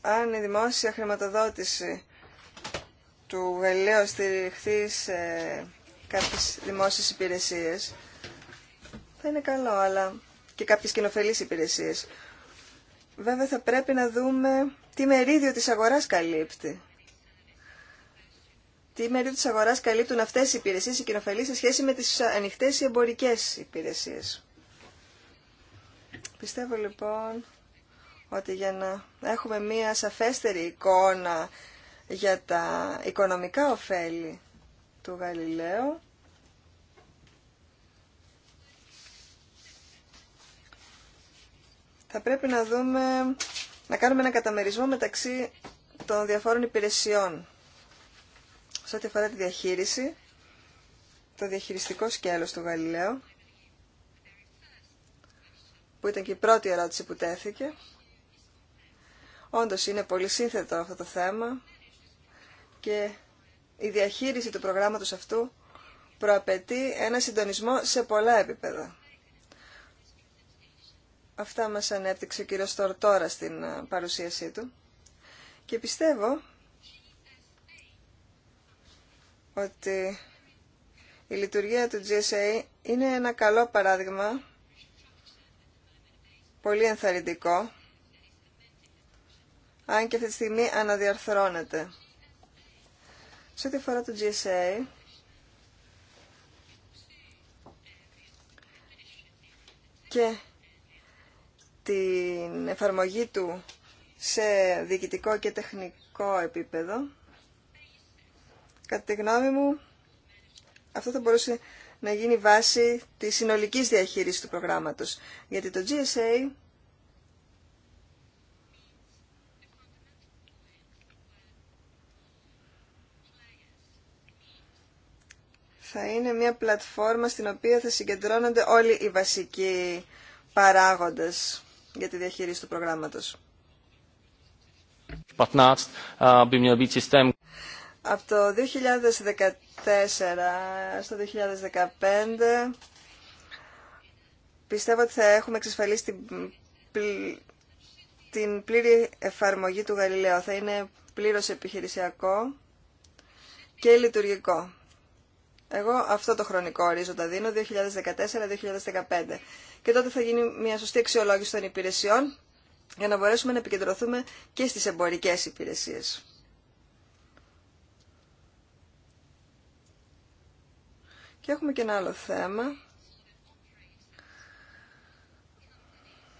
αν η δημόσια χρηματοδότηση του Γαλλίου στηριχθεί σε κάποιες δημόσιες υπηρεσίες, θα είναι καλό, αλλά και κάποιες κοινοφελείς υπηρεσίες. Βέβαια θα πρέπει να δούμε τι μερίδιο της αγοράς καλύπτει. Τι μερίδιο της αγοράς καλύπτουν αυτές οι υπηρεσίες, οι κοινοφελείς, σε σχέση με τις ανοιχτές ή εμπορικές υπηρεσίες. Πιστεύω λοιπόν ότι για να έχουμε μία σαφέστερη εικόνα για τα οικονομικά ωφέλη του Γαλιλαίου, θα πρέπει να δούμε, να κάνουμε ένα καταμερισμό μεταξύ των διαφόρων υπηρεσιών. Σε ό,τι αφορά τη διαχείριση, το διαχειριστικό σκέλος του Γαλιλαίου, που ήταν και η πρώτη ερώτηση που τέθηκε, Όντως είναι πολύ σύνθετο αυτό το θέμα και η διαχείριση του προγράμματος αυτού προαπαιτεί ένα συντονισμό σε πολλά επίπεδα. Αυτά μας ανέπτυξε ο Στορ τώρα στην ε, παρουσίασή του. Και πιστεύω ότι η λειτουργία του GSA είναι ένα καλό παράδειγμα, πολύ ενθαρρυντικό, αν και αυτή τη στιγμή αναδιαρθρώνεται. Σε ό,τι αφορά το GSA, και την εφαρμογή του σε διοικητικό και τεχνικό επίπεδο, κατά τη γνώμη μου, αυτό θα μπορούσε να γίνει βάση της συνολικής διαχείρισης του προγράμματος. Γιατί το GSA θα είναι μια πλατφόρμα στην οποία θα συγκεντρώνονται όλοι οι βασικοί παράγοντες για τη διαχείριση του προγράμματος.
Ε,
Από το 2014 στο 2015 πιστεύω ότι θα έχουμε εξασφαλίσει την, την πλήρη εφαρμογή του Γαλιλαίου. Θα είναι πλήρως επιχειρησιακό και λειτουργικό. Εγώ αυτό το χρονικό ορίζοντα δίνω 2014-2015. Και τότε θα γίνει μια σωστή αξιολόγηση των υπηρεσιών για να μπορέσουμε να επικεντρωθούμε και στις εμπορικές υπηρεσίες. Και έχουμε και ένα άλλο θέμα.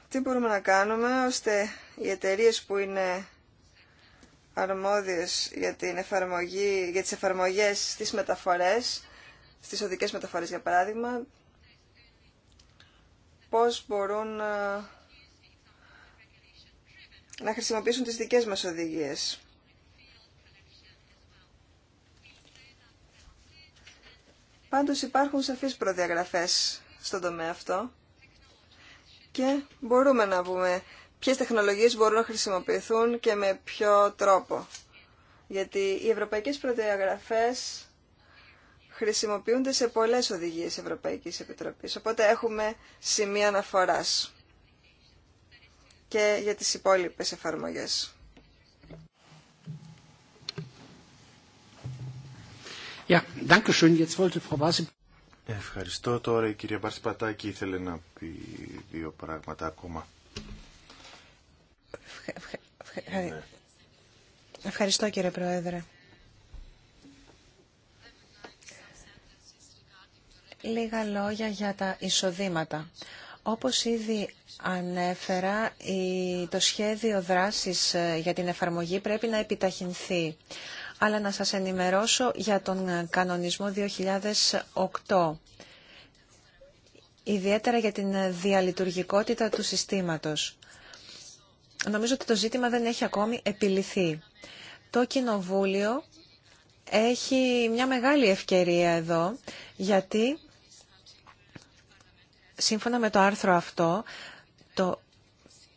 Τι μπορούμε να κάνουμε ώστε οι εταιρείες που είναι αρμόδιες για, την εφαρμογή, για τις εφαρμογές στις μεταφορές στις οδικές μεταφορές για παράδειγμα, πώς μπορούν ε, να, χρησιμοποιήσουν τις δικές μας οδηγίες. Πάντως υπάρχουν σαφείς προδιαγραφές στον τομέα αυτό και μπορούμε να πούμε ποιες τεχνολογίες μπορούν να χρησιμοποιηθούν και με ποιο τρόπο. Γιατί οι ευρωπαϊκές προδιαγραφές χρησιμοποιούνται σε πολλές οδηγίες Ευρωπαϊκής Επιτροπής. Οπότε έχουμε σημεία αναφοράς και για τις υπόλοιπες εφαρμογές.
Ευχαριστώ. Τώρα η κυρία Μπαρσιπατάκη ήθελε να πει δύο πράγματα ακόμα.
Ευχαριστώ κύριε Πρόεδρε. Λίγα λόγια για τα εισοδήματα. Όπως ήδη ανέφερα, το σχέδιο δράσης ε, για την εφαρμογή πρέπει να επιταχυνθεί. Αλλά να σας ενημερώσω για τον κανονισμό 2008, ιδιαίτερα για την διαλειτουργικότητα του συστήματος. Νομίζω ότι το ζήτημα δεν έχει ακόμη επιληθεί. Το Κοινοβούλιο έχει μια μεγάλη ευκαιρία εδώ, γιατί σύμφωνα με το άρθρο αυτό, το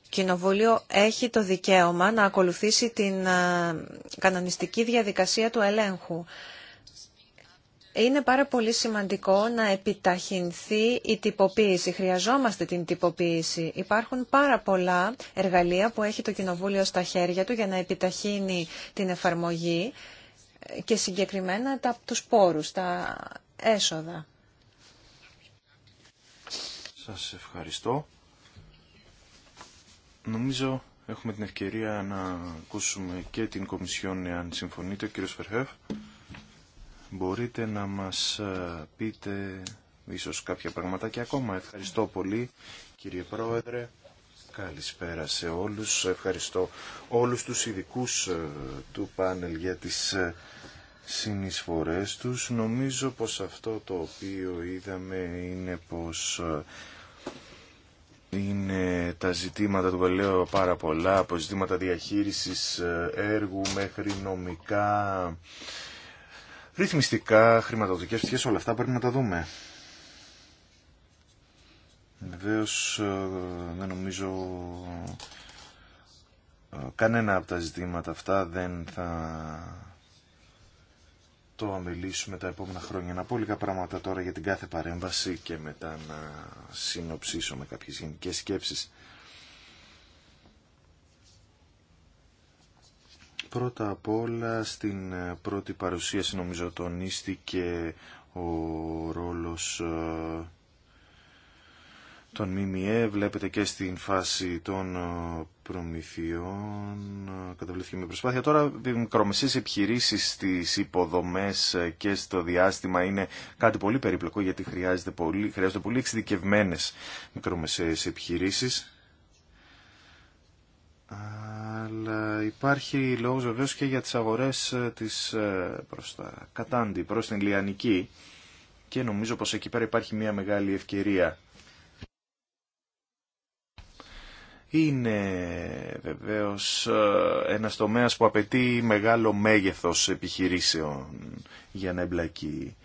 Κοινοβούλιο έχει το δικαίωμα να ακολουθήσει την ε, κανονιστική διαδικασία του ελέγχου. Είναι πάρα πολύ σημαντικό να επιταχυνθεί η τυποποίηση. Χρειαζόμαστε την τυποποίηση. Υπάρχουν πάρα πολλά εργαλεία που έχει το Κοινοβούλιο στα χέρια του για να επιταχύνει την εφαρμογή και συγκεκριμένα τα, τους πόρους, τα έσοδα.
Σας ευχαριστώ. Νομίζω έχουμε την ευκαιρία να ακούσουμε και την Κομισιόν εάν συμφωνείτε. Κύριος Φερχεύ, μπορείτε να μας ε, πείτε ίσως κάποια και ακόμα. Ευχαριστώ πολύ κύριε Πρόεδρε. Καλησπέρα σε όλους. Ευχαριστώ όλους τους ειδικού ε, του πάνελ για τις ε, συνεισφορές τους. Νομίζω πως αυτό το οποίο είδαμε είναι πως είναι τα ζητήματα του λέω πάρα πολλά, από ζητήματα διαχείρισης ε, έργου μέχρι νομικά, ρυθμιστικά, χρηματοδοτικές πτυχές, όλα αυτά πρέπει να τα δούμε. Βεβαίω ε, δεν νομίζω ε, κανένα από τα ζητήματα αυτά δεν θα αυτό μιλήσουμε τα επόμενα χρόνια. Να πω λίγα πράγματα τώρα για την κάθε παρέμβαση και μετά να συνοψίσω με κάποιες γενικές σκέψεις. Πρώτα απ' όλα στην πρώτη παρουσίαση νομίζω τονίστηκε ο ρόλος ε, των ΜΜΕ. Βλέπετε και στην φάση των ε, προμηθειών καταβληθεί με προσπάθεια. Τώρα οι επιχειρήσει επιχειρήσεις στις υποδομές και στο διάστημα είναι κάτι πολύ περίπλοκο γιατί χρειάζεται πολύ, χρειάζονται πολύ εξειδικευμένες μικρομεσές επιχειρήσεις. Αλλά υπάρχει λόγος βεβαίω και για τις αγορές της, προς τα Κατάντη, προς την Λιανική και νομίζω πως εκεί πέρα υπάρχει μια μεγάλη ευκαιρία είναι βεβαίως ένας τομέας που απαιτεί μεγάλο μέγεθος επιχειρήσεων για να εμπλακεί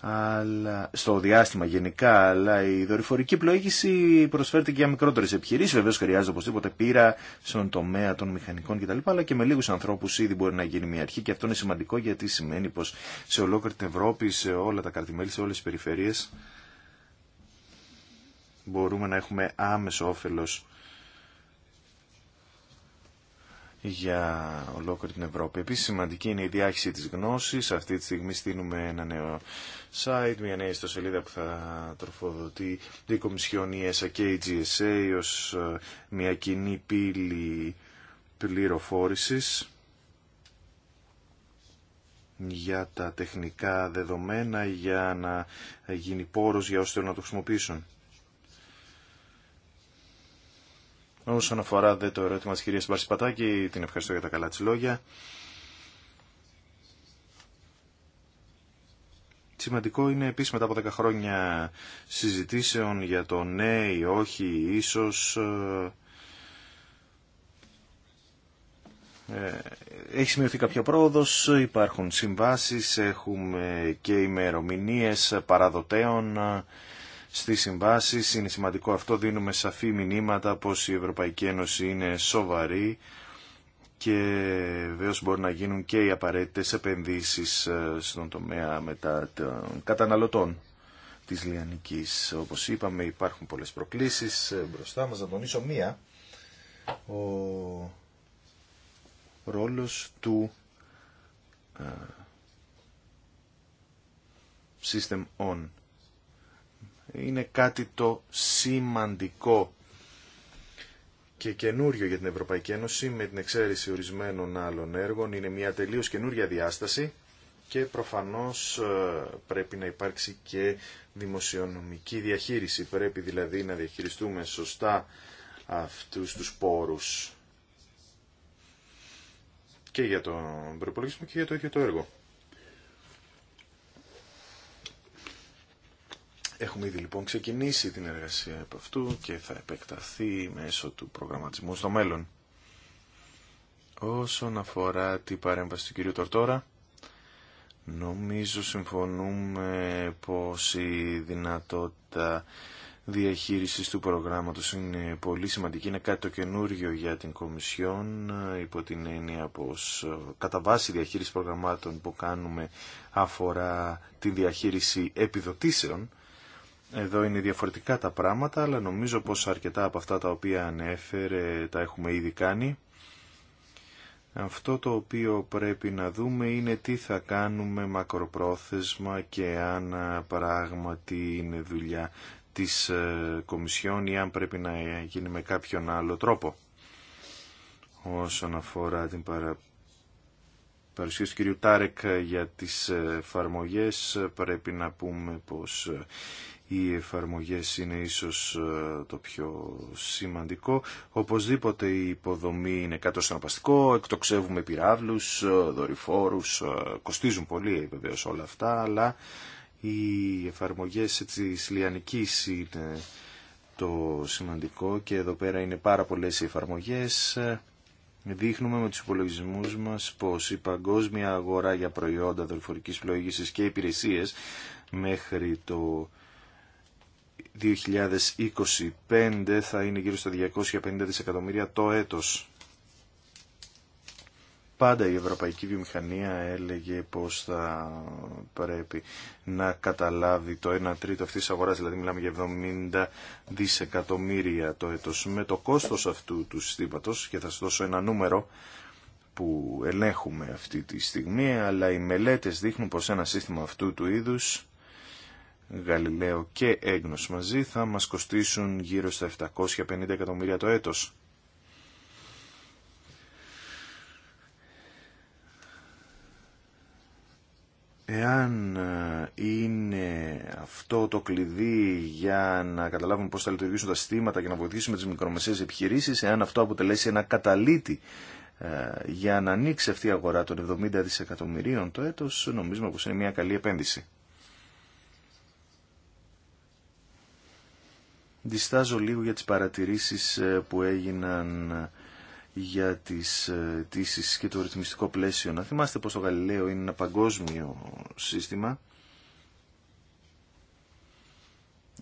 αλλά, στο διάστημα γενικά, αλλά η δορυφορική πλοήγηση προσφέρεται και για μικρότερες επιχειρήσεις. Βεβαίως χρειάζεται οπωσδήποτε πείρα στον τομέα των μηχανικών κτλ. Αλλά και με λίγους ανθρώπους ήδη μπορεί να γίνει μια αρχή και αυτό είναι σημαντικό γιατί σημαίνει πως σε ολόκληρη την Ευρώπη, σε όλα τα καρδιμέλη, σε όλες τις περιφερειές μπορούμε να έχουμε άμεσο όφελος για ολόκληρη την Ευρώπη. Επίση σημαντική είναι η διάχυση της γνώσης. Αυτή τη στιγμή στείλουμε ένα νέο site, μια νέα ιστοσελίδα που θα τροφοδοτεί η Κομισιόν, και η GSA ω ε, μια κοινή πύλη πληροφόρηση. για τα τεχνικά δεδομένα για να γίνει πόρος για όσοι θέλουν να το χρησιμοποιήσουν. Όσον αφορά δε το ερώτημα της κυρίας Μπαρσιπατάκη, την ευχαριστώ για τα καλά της λόγια. Σημαντικό είναι επίσης μετά από 10 χρόνια συζητήσεων για το ναι ή όχι ίσως ε, ε, έχει σημειωθεί κάποια πρόοδος, υπάρχουν συμβάσεις, έχουμε και ημερομηνίες παραδοτέων Στι συμβάσεις. Είναι σημαντικό αυτό, δίνουμε σαφή μηνύματα πως η Ευρωπαϊκή Ένωση είναι σοβαρή και βεβαίω μπορούν να γίνουν και οι απαραίτητες επενδύσεις ε, στον τομέα μετά των καταναλωτών της Λιανικής. Όπως είπαμε υπάρχουν πολλές προκλήσεις ε, μπροστά μας, να τονίσω μία. Ο ρόλος του ε, System On είναι κάτι το σημαντικό και καινούριο για την Ευρωπαϊκή Ένωση με την εξαίρεση ορισμένων άλλων έργων. Είναι μια τελείως καινούρια διάσταση και προφανώς ε, πρέπει να υπάρξει και δημοσιονομική διαχείριση. Πρέπει δηλαδή να διαχειριστούμε σωστά αυτούς τους πόρους και για τον προπολογισμό και για το ίδιο το έργο. Έχουμε ήδη λοιπόν ξεκινήσει την εργασία από αυτού και θα επεκταθεί μέσω του προγραμματισμού στο μέλλον. Όσον αφορά την παρέμβαση του κ. Τορτόρα, νομίζω συμφωνούμε πως η δυνατότητα διαχείρισης του προγράμματος είναι πολύ σημαντική. Είναι κάτι το καινούργιο για την Κομισιόν υπό την έννοια πως ε, κατά βάση διαχείριση προγραμμάτων που κάνουμε αφορά την διαχείριση επιδοτήσεων εδώ είναι διαφορετικά τα πράγματα, αλλά νομίζω πως αρκετά από αυτά τα οποία ανέφερε τα έχουμε ήδη κάνει. Αυτό το οποίο πρέπει να δούμε είναι τι θα κάνουμε μακροπρόθεσμα και αν πράγματι είναι δουλειά της ε, Κομισιόν ή αν πρέπει να γίνει με κάποιον άλλο τρόπο. Όσον αφορά την παρα... παρουσίαση του κ. Τάρεκ για τις ε, εφαρμογές πρέπει να πούμε πως ε, οι εφαρμογές είναι ίσως ε, το πιο σημαντικό. Οπωσδήποτε η υποδομή είναι κάτω συναπαστικό, εκτοξεύουμε πυράβλους, ε, δορυφόρους, ε, κοστίζουν πολύ βεβαίως όλα αυτά, αλλά οι εφαρμογές της λιανικής είναι το σημαντικό και εδώ πέρα είναι πάρα πολλές οι εφαρμογές. Δείχνουμε με τους υπολογισμούς μας πως η παγκόσμια αγορά για προϊόντα δορυφορικής πλοήγησης και υπηρεσίες μέχρι το 2025 θα είναι γύρω στα 250 δισεκατομμύρια το έτος. Πάντα η ευρωπαϊκή βιομηχανία έλεγε πως θα πρέπει να καταλάβει το 1 τρίτο αυτής της αγοράς, δηλαδή μιλάμε για 70 δισεκατομμύρια το έτος. Με το κόστος αυτού του συστήματος, και θα σας δώσω ένα νούμερο που ελέγχουμε αυτή τη στιγμή, αλλά οι μελέτες δείχνουν πως ένα σύστημα αυτού του είδους Γαλιλαίο και Έγνος μαζί θα μας κοστίσουν γύρω στα 750 εκατομμύρια το έτος. Εάν ε, είναι αυτό το κλειδί για να καταλάβουμε πώς θα λειτουργήσουν τα συστήματα και να βοηθήσουμε τις μικρομεσαίες επιχειρήσεις, εάν αυτό αποτελέσει ένα καταλήτη ε, για να ανοίξει αυτή η αγορά των 70 δισεκατομμυρίων το έτος, νομίζουμε πως είναι μια καλή επένδυση. διστάζω λίγο για τις παρατηρήσεις ε, που έγιναν ε, για τις ε, αιτήσει και το ρυθμιστικό πλαίσιο. Να θυμάστε πως το Γαλιλαίο είναι ένα παγκόσμιο σύστημα.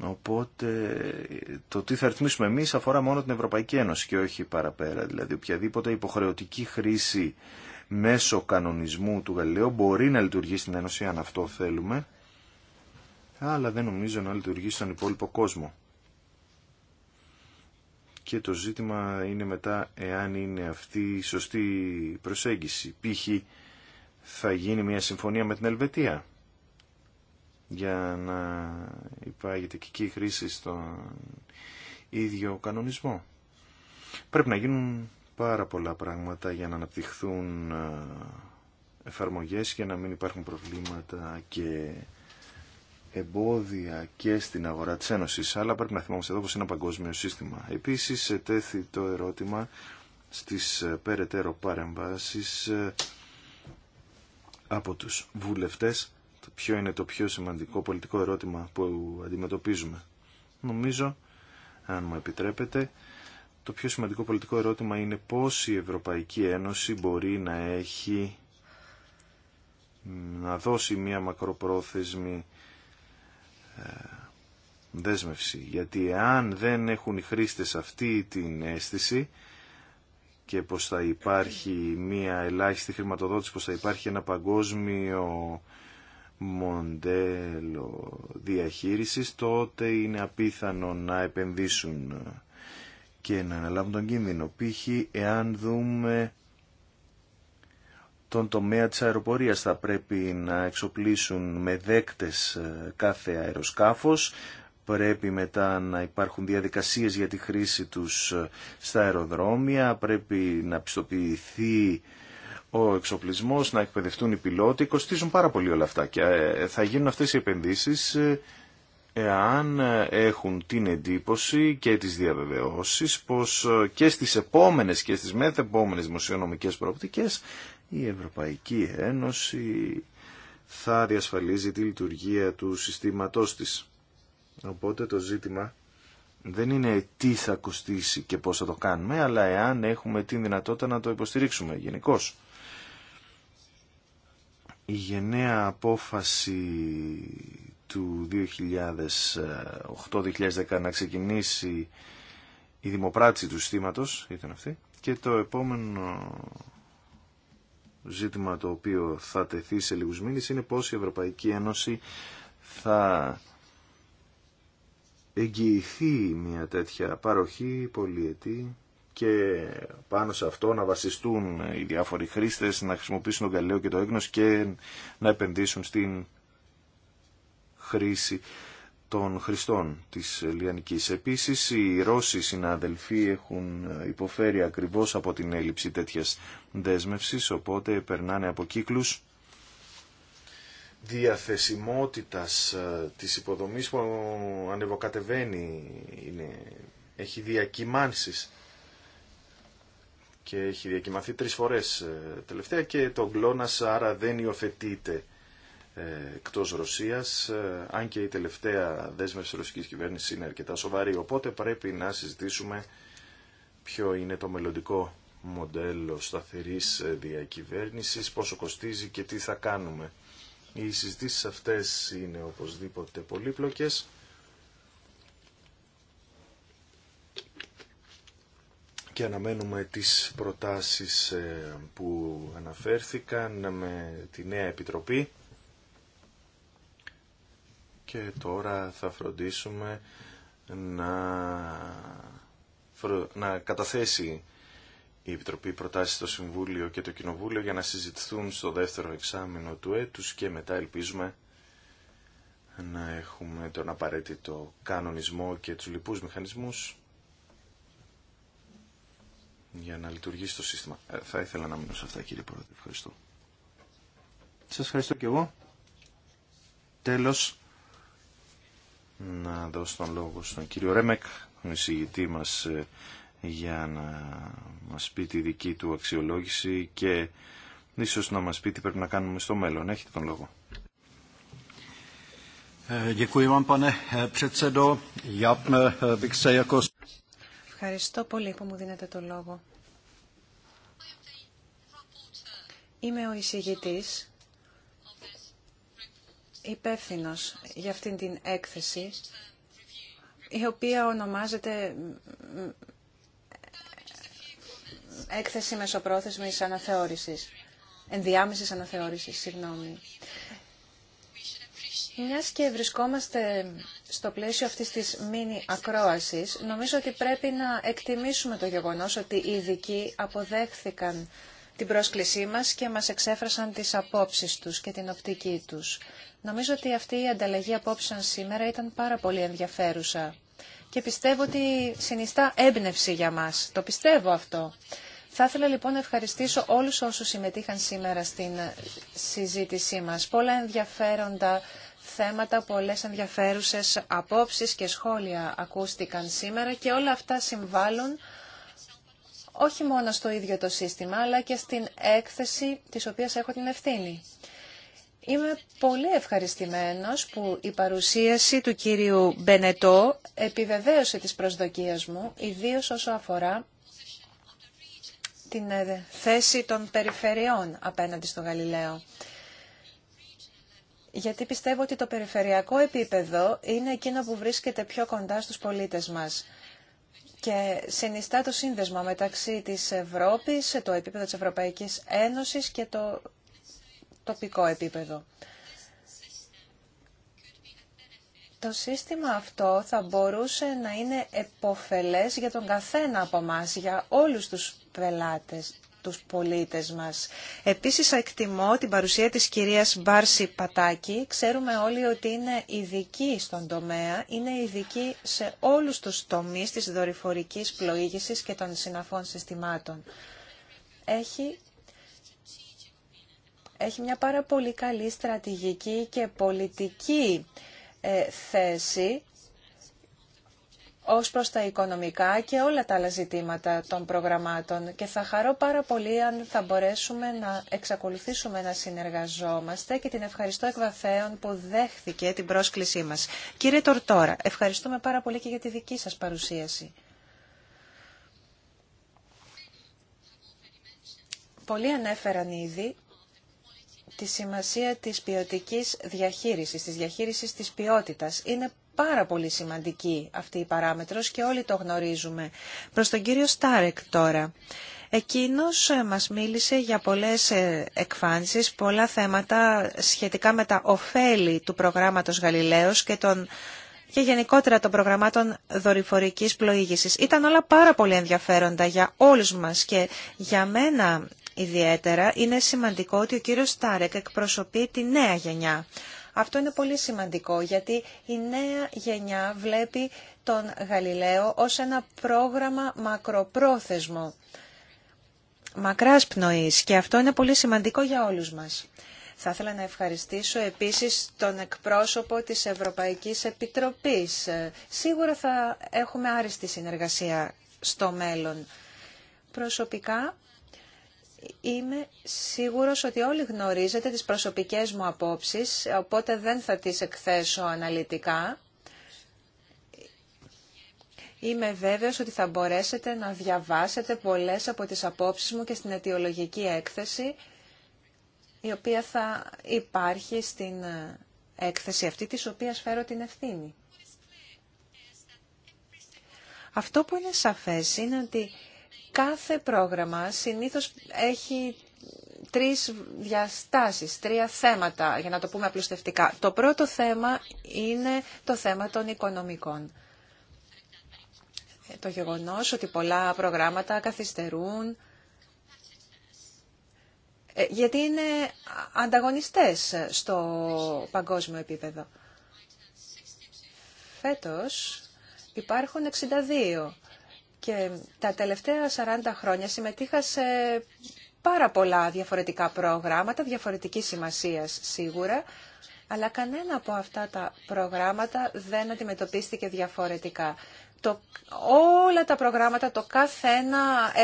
Οπότε το τι θα ρυθμίσουμε εμείς αφορά μόνο την Ευρωπαϊκή Ένωση και όχι παραπέρα. Δηλαδή οποιαδήποτε υποχρεωτική χρήση μέσω κανονισμού του Γαλιλαίου μπορεί να λειτουργεί στην Ένωση αν αυτό θέλουμε. Αλλά δεν νομίζω να λειτουργεί στον υπόλοιπο κόσμο και το ζήτημα είναι μετά εάν είναι αυτή η σωστή προσέγγιση. Π.χ. θα γίνει μια συμφωνία με την Ελβετία για να υπάγεται και εκεί χρήση στον ίδιο κανονισμό. Πρέπει να γίνουν πάρα πολλά πράγματα για να αναπτυχθούν ε, εφαρμογές και να μην υπάρχουν προβλήματα και εμπόδια και στην αγορά της Ένωσης, αλλά πρέπει να θυμόμαστε εδώ πως είναι ένα παγκόσμιο σύστημα. Επίσης, ετέθη το ερώτημα στις ε, περαιτέρω παρεμβάσεις ε, από τους βουλευτές ποιο είναι το πιο σημαντικό πολιτικό ερώτημα που αντιμετωπίζουμε. Νομίζω, αν μου επιτρέπετε, το πιο σημαντικό πολιτικό ερώτημα είναι πώς η Ευρωπαϊκή Ένωση μπορεί να έχει να δώσει μια μακροπρόθεσμη ε, δέσμευση. Γιατί αν δεν έχουν οι χρήστες αυτή την αίσθηση και πως θα υπάρχει μία ελάχιστη χρηματοδότηση, πως θα υπάρχει ένα παγκόσμιο μοντέλο διαχείρισης, τότε είναι απίθανο να επενδύσουν και να αναλάβουν τον κίνδυνο. Π.χ. εάν δούμε τον τομέα της αεροπορίας θα πρέπει να εξοπλίσουν με δέκτες ε, κάθε αεροσκάφος, πρέπει μετά να υπάρχουν διαδικασίες για τη χρήση τους ε, στα αεροδρόμια, πρέπει να πιστοποιηθεί ο εξοπλισμός, να εκπαιδευτούν οι πιλότοι, κοστίζουν πάρα πολύ όλα αυτά και ε, θα γίνουν αυτές οι επενδύσεις εάν έχουν την εντύπωση και τις διαβεβαιώσεις πως και στις επόμενες και στις μεθεπόμενες δημοσιονομικές προοπτικές η Ευρωπαϊκή Ένωση θα διασφαλίζει τη λειτουργία του συστήματός της. Οπότε το ζήτημα δεν είναι τι θα κοστίσει και πώς θα το κάνουμε, αλλά εάν έχουμε την δυνατότητα να το υποστηρίξουμε γενικώ. Η γενναία απόφαση του 2008-2010 να ξεκινήσει η δημοπράτηση του συστήματος, ήταν αυτή, και το επόμενο ζήτημα το οποίο θα τεθεί σε λίγους μήνες είναι πώς η Ευρωπαϊκή Ένωση θα εγγυηθεί μια τέτοια παροχή πολυετή και πάνω σε αυτό να βασιστούν οι διάφοροι χρήστες, να χρησιμοποιήσουν τον καλαίο και το έγνος και να επενδύσουν στην χρήση των χρηστών της Λιανικής. Επίσης, οι Ρώσοι συναδελφοί έχουν υποφέρει ακριβώς από την έλλειψη τέτοιας δέσμευσης, οπότε περνάνε από κύκλους διαθεσιμότητας ε, της υποδομής που ανεβοκατεβαίνει, είναι, έχει διακυμάνσεις και έχει διακυμαθεί τρεις φορές ε, τελευταία και το γκλώνας άρα δεν υιοθετείται ε, εκτός Ρωσίας, ε, αν και η τελευταία δέσμευση ρωσικής κυβέρνησης είναι αρκετά σοβαρή. Οπότε πρέπει να συζητήσουμε ποιο είναι το μελλοντικό μοντέλο σταθερής ε, διακυβέρνησης, πόσο κοστίζει και τι θα κάνουμε. Οι συζητήσεις αυτές είναι οπωσδήποτε πολύπλοκες. και αναμένουμε τις προτάσεις που αναφέρθηκαν με τη νέα Επιτροπή και τώρα θα φροντίσουμε να, να καταθέσει η Επιτροπή προτάσει στο Συμβούλιο και το Κοινοβούλιο για να συζητηθούν στο δεύτερο εξάμεινο του έτους και μετά ελπίζουμε να έχουμε τον απαραίτητο κανονισμό και τους λοιπούς μηχανισμούς για να λειτουργήσει το σύστημα. Ε, θα ήθελα να μείνω σε αυτά κύριε Πρόεδρε. Ευχαριστώ. Σας ευχαριστώ και εγώ. Τέλος να δώσω τον λόγο στον κύριο Ρέμεκ, τον εισηγητή μας ε, για να μας πει τη δική του αξιολόγηση και ίσως να μας πει τι πρέπει να κάνουμε στο μέλλον. Έχετε τον λόγο.
Ε, ε, Ευχαριστώ πολύ που μου δίνετε τον λόγο. Είμαι ο εισηγητής υπεύθυνος για αυτήν την έκθεση, η οποία ονομάζεται έκθεση μεσοπρόθεσμης αναθεώρησης, ενδιάμεσης αναθεώρησης, συγγνώμη. Μια και βρισκόμαστε στο πλαίσιο αυτής της μίνι ακρόασης, νομίζω ότι πρέπει να εκτιμήσουμε το γεγονός ότι οι ειδικοί αποδέχθηκαν την πρόσκλησή μας και μας εξέφρασαν τις απόψεις τους και την οπτική τους. Νομίζω ότι αυτή η ανταλλαγή απόψεων σήμερα ήταν πάρα πολύ ενδιαφέρουσα και πιστεύω ότι συνιστά έμπνευση για μας. Το πιστεύω αυτό. Θα ήθελα λοιπόν να ευχαριστήσω όλους όσους συμμετείχαν σήμερα στην συζήτησή μας. Πολλά ενδιαφέροντα θέματα, πολλές ενδιαφέρουσες απόψεις και σχόλια ακούστηκαν σήμερα και όλα αυτά συμβάλλουν όχι μόνο στο ίδιο το σύστημα, αλλά και στην έκθεση της οποίας έχω την ευθύνη. Είμαι πολύ ευχαριστημένος που η παρουσίαση του κύριου Μπενετό επιβεβαίωσε τις προσδοκίες μου, ιδίως όσο αφορά την ε, θέση των περιφερειών απέναντι στο Γαλιλαίο. Γιατί πιστεύω ότι το περιφερειακό επίπεδο είναι εκείνο που βρίσκεται πιο κοντά στους πολίτες μας και συνιστά το σύνδεσμο μεταξύ της Ευρώπης, το επίπεδο της Ευρωπαϊκής Ένωσης και το τοπικό επίπεδο. Το σύστημα αυτό θα μπορούσε να είναι εποφελές για τον καθένα από εμάς, για όλους τους πελάτες τους πολίτες μας. Επίσης εκτιμώ την παρουσία της κυρίας Μπάρση Πατάκη. Ξέρουμε όλοι ότι είναι ειδική στον τομέα, είναι ειδική σε όλους τους τομείς της δορυφορικής πλοήγησης και των συναφών συστημάτων. Έχει έχει μια πάρα πολύ καλή στρατηγική και πολιτική ε, θέση ως προς τα οικονομικά και όλα τα άλλα ζητήματα των προγραμμάτων και θα χαρώ πάρα πολύ αν θα μπορέσουμε να εξακολουθήσουμε να συνεργαζόμαστε και την ευχαριστώ εκ βαθέων που δέχθηκε την πρόσκλησή μας. Κύριε Τορτόρα, ευχαριστούμε πάρα πολύ και για τη δική σας παρουσίαση. Πολλοί ανέφεραν ήδη τη σημασία της ποιοτικής διαχείρισης, της διαχείρισης της ποιότητας. Είναι πάρα πολύ σημαντική αυτή η παράμετρος και όλοι το γνωρίζουμε. Προς τον κύριο Στάρεκ τώρα. Εκείνος ε, μας μίλησε για πολλές ε, εκφάνσεις, πολλά θέματα σχετικά με τα ωφέλη του προγράμματος Γαλιλαίος και, τον, και γενικότερα των προγραμμάτων δορυφορικής πλοήγησης. Ήταν όλα πάρα πολύ ενδιαφέροντα για όλους μας και για μένα ιδιαίτερα είναι σημαντικό ότι ο κύριος Στάρεκ εκπροσωπεί τη νέα γενιά. Αυτό είναι πολύ σημαντικό γιατί η νέα γενιά βλέπει τον Γαλιλαίο ως ένα πρόγραμμα μακροπρόθεσμο, μακράς πνοής και αυτό είναι πολύ σημαντικό για όλους μας. Θα ήθελα να ευχαριστήσω επίσης τον εκπρόσωπο της Ευρωπαϊκής Επιτροπής. Σίγουρα θα έχουμε άριστη συνεργασία στο μέλλον. Προσωπικά Είμαι σίγουρος ότι όλοι γνωρίζετε τις προσωπικές μου απόψεις, οπότε δεν θα τις εκθέσω αναλυτικά. Είμαι βέβαιος ότι θα μπορέσετε να διαβάσετε πολλές από τις απόψεις μου και στην αιτιολογική έκθεση, η οποία θα υπάρχει στην ε, έκθεση αυτή, της οποίας φέρω την ευθύνη. Αυτό που είναι σαφές είναι ότι Κάθε πρόγραμμα συνήθως έχει τρεις διαστάσεις, τρία θέματα, για να το πούμε απλουστευτικά. Το πρώτο θέμα είναι το θέμα των οικονομικών. Το γεγονός ότι πολλά προγράμματα καθυστερούν, ε, γιατί είναι ανταγωνιστές στο παγκόσμιο επίπεδο. Φέτος υπάρχουν 62 και τα τελευταία 40 χρόνια συμμετείχα σε πάρα πολλά διαφορετικά προγράμματα, διαφορετική σημασία σίγουρα, αλλά κανένα από αυτά τα προγράμματα δεν αντιμετωπίστηκε διαφορετικά. Το, όλα τα προγράμματα, το κάθε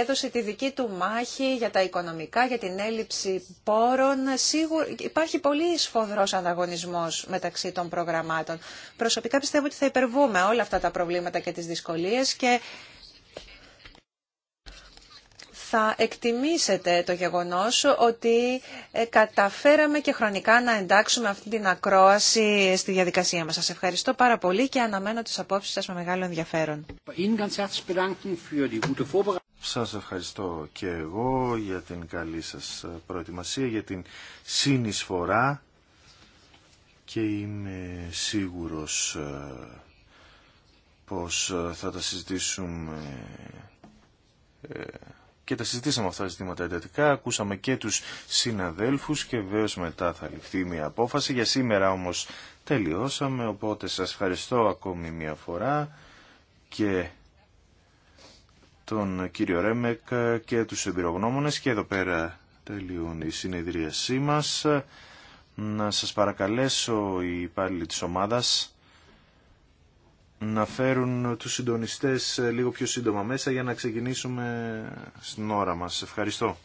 έδωσε τη δική του μάχη για τα οικονομικά, για την έλλειψη πόρων. Σίγουρα υπάρχει πολύ σφοδρός ανταγωνισμός μεταξύ των προγραμμάτων. Προσωπικά πιστεύω ότι θα υπερβούμε όλα αυτά τα προβλήματα και τις δυσκολίες και θα εκτιμήσετε το γεγονός ότι ε, καταφέραμε και χρονικά να εντάξουμε αυτή την ακρόαση στη διαδικασία μας. Σας ευχαριστώ πάρα πολύ και αναμένω τις απόψεις σας με μεγάλο ενδιαφέρον.
Σας ευχαριστώ και εγώ για την καλή σας ε, προετοιμασία, για την συνεισφορά και είμαι σίγουρος ε, πως θα τα συζητήσουμε και τα συζητήσαμε αυτά τα ζητήματα εντατικά, ακούσαμε και τους συναδέλφους και βεβαίω μετά θα ληφθεί μια απόφαση. Για σήμερα όμως τελειώσαμε, οπότε σας ευχαριστώ ακόμη μια φορά και τον κύριο Ρέμεκ και τους εμπειρογνώμονες και εδώ πέρα τελειώνει η συνεδρίασή μας. Να σας παρακαλέσω οι υπάλληλοι της ομάδας να φέρουν τους συντονιστές ε, λίγο πιο σύντομα μέσα για να ξεκινήσουμε στην ώρα μας. Ευχαριστώ.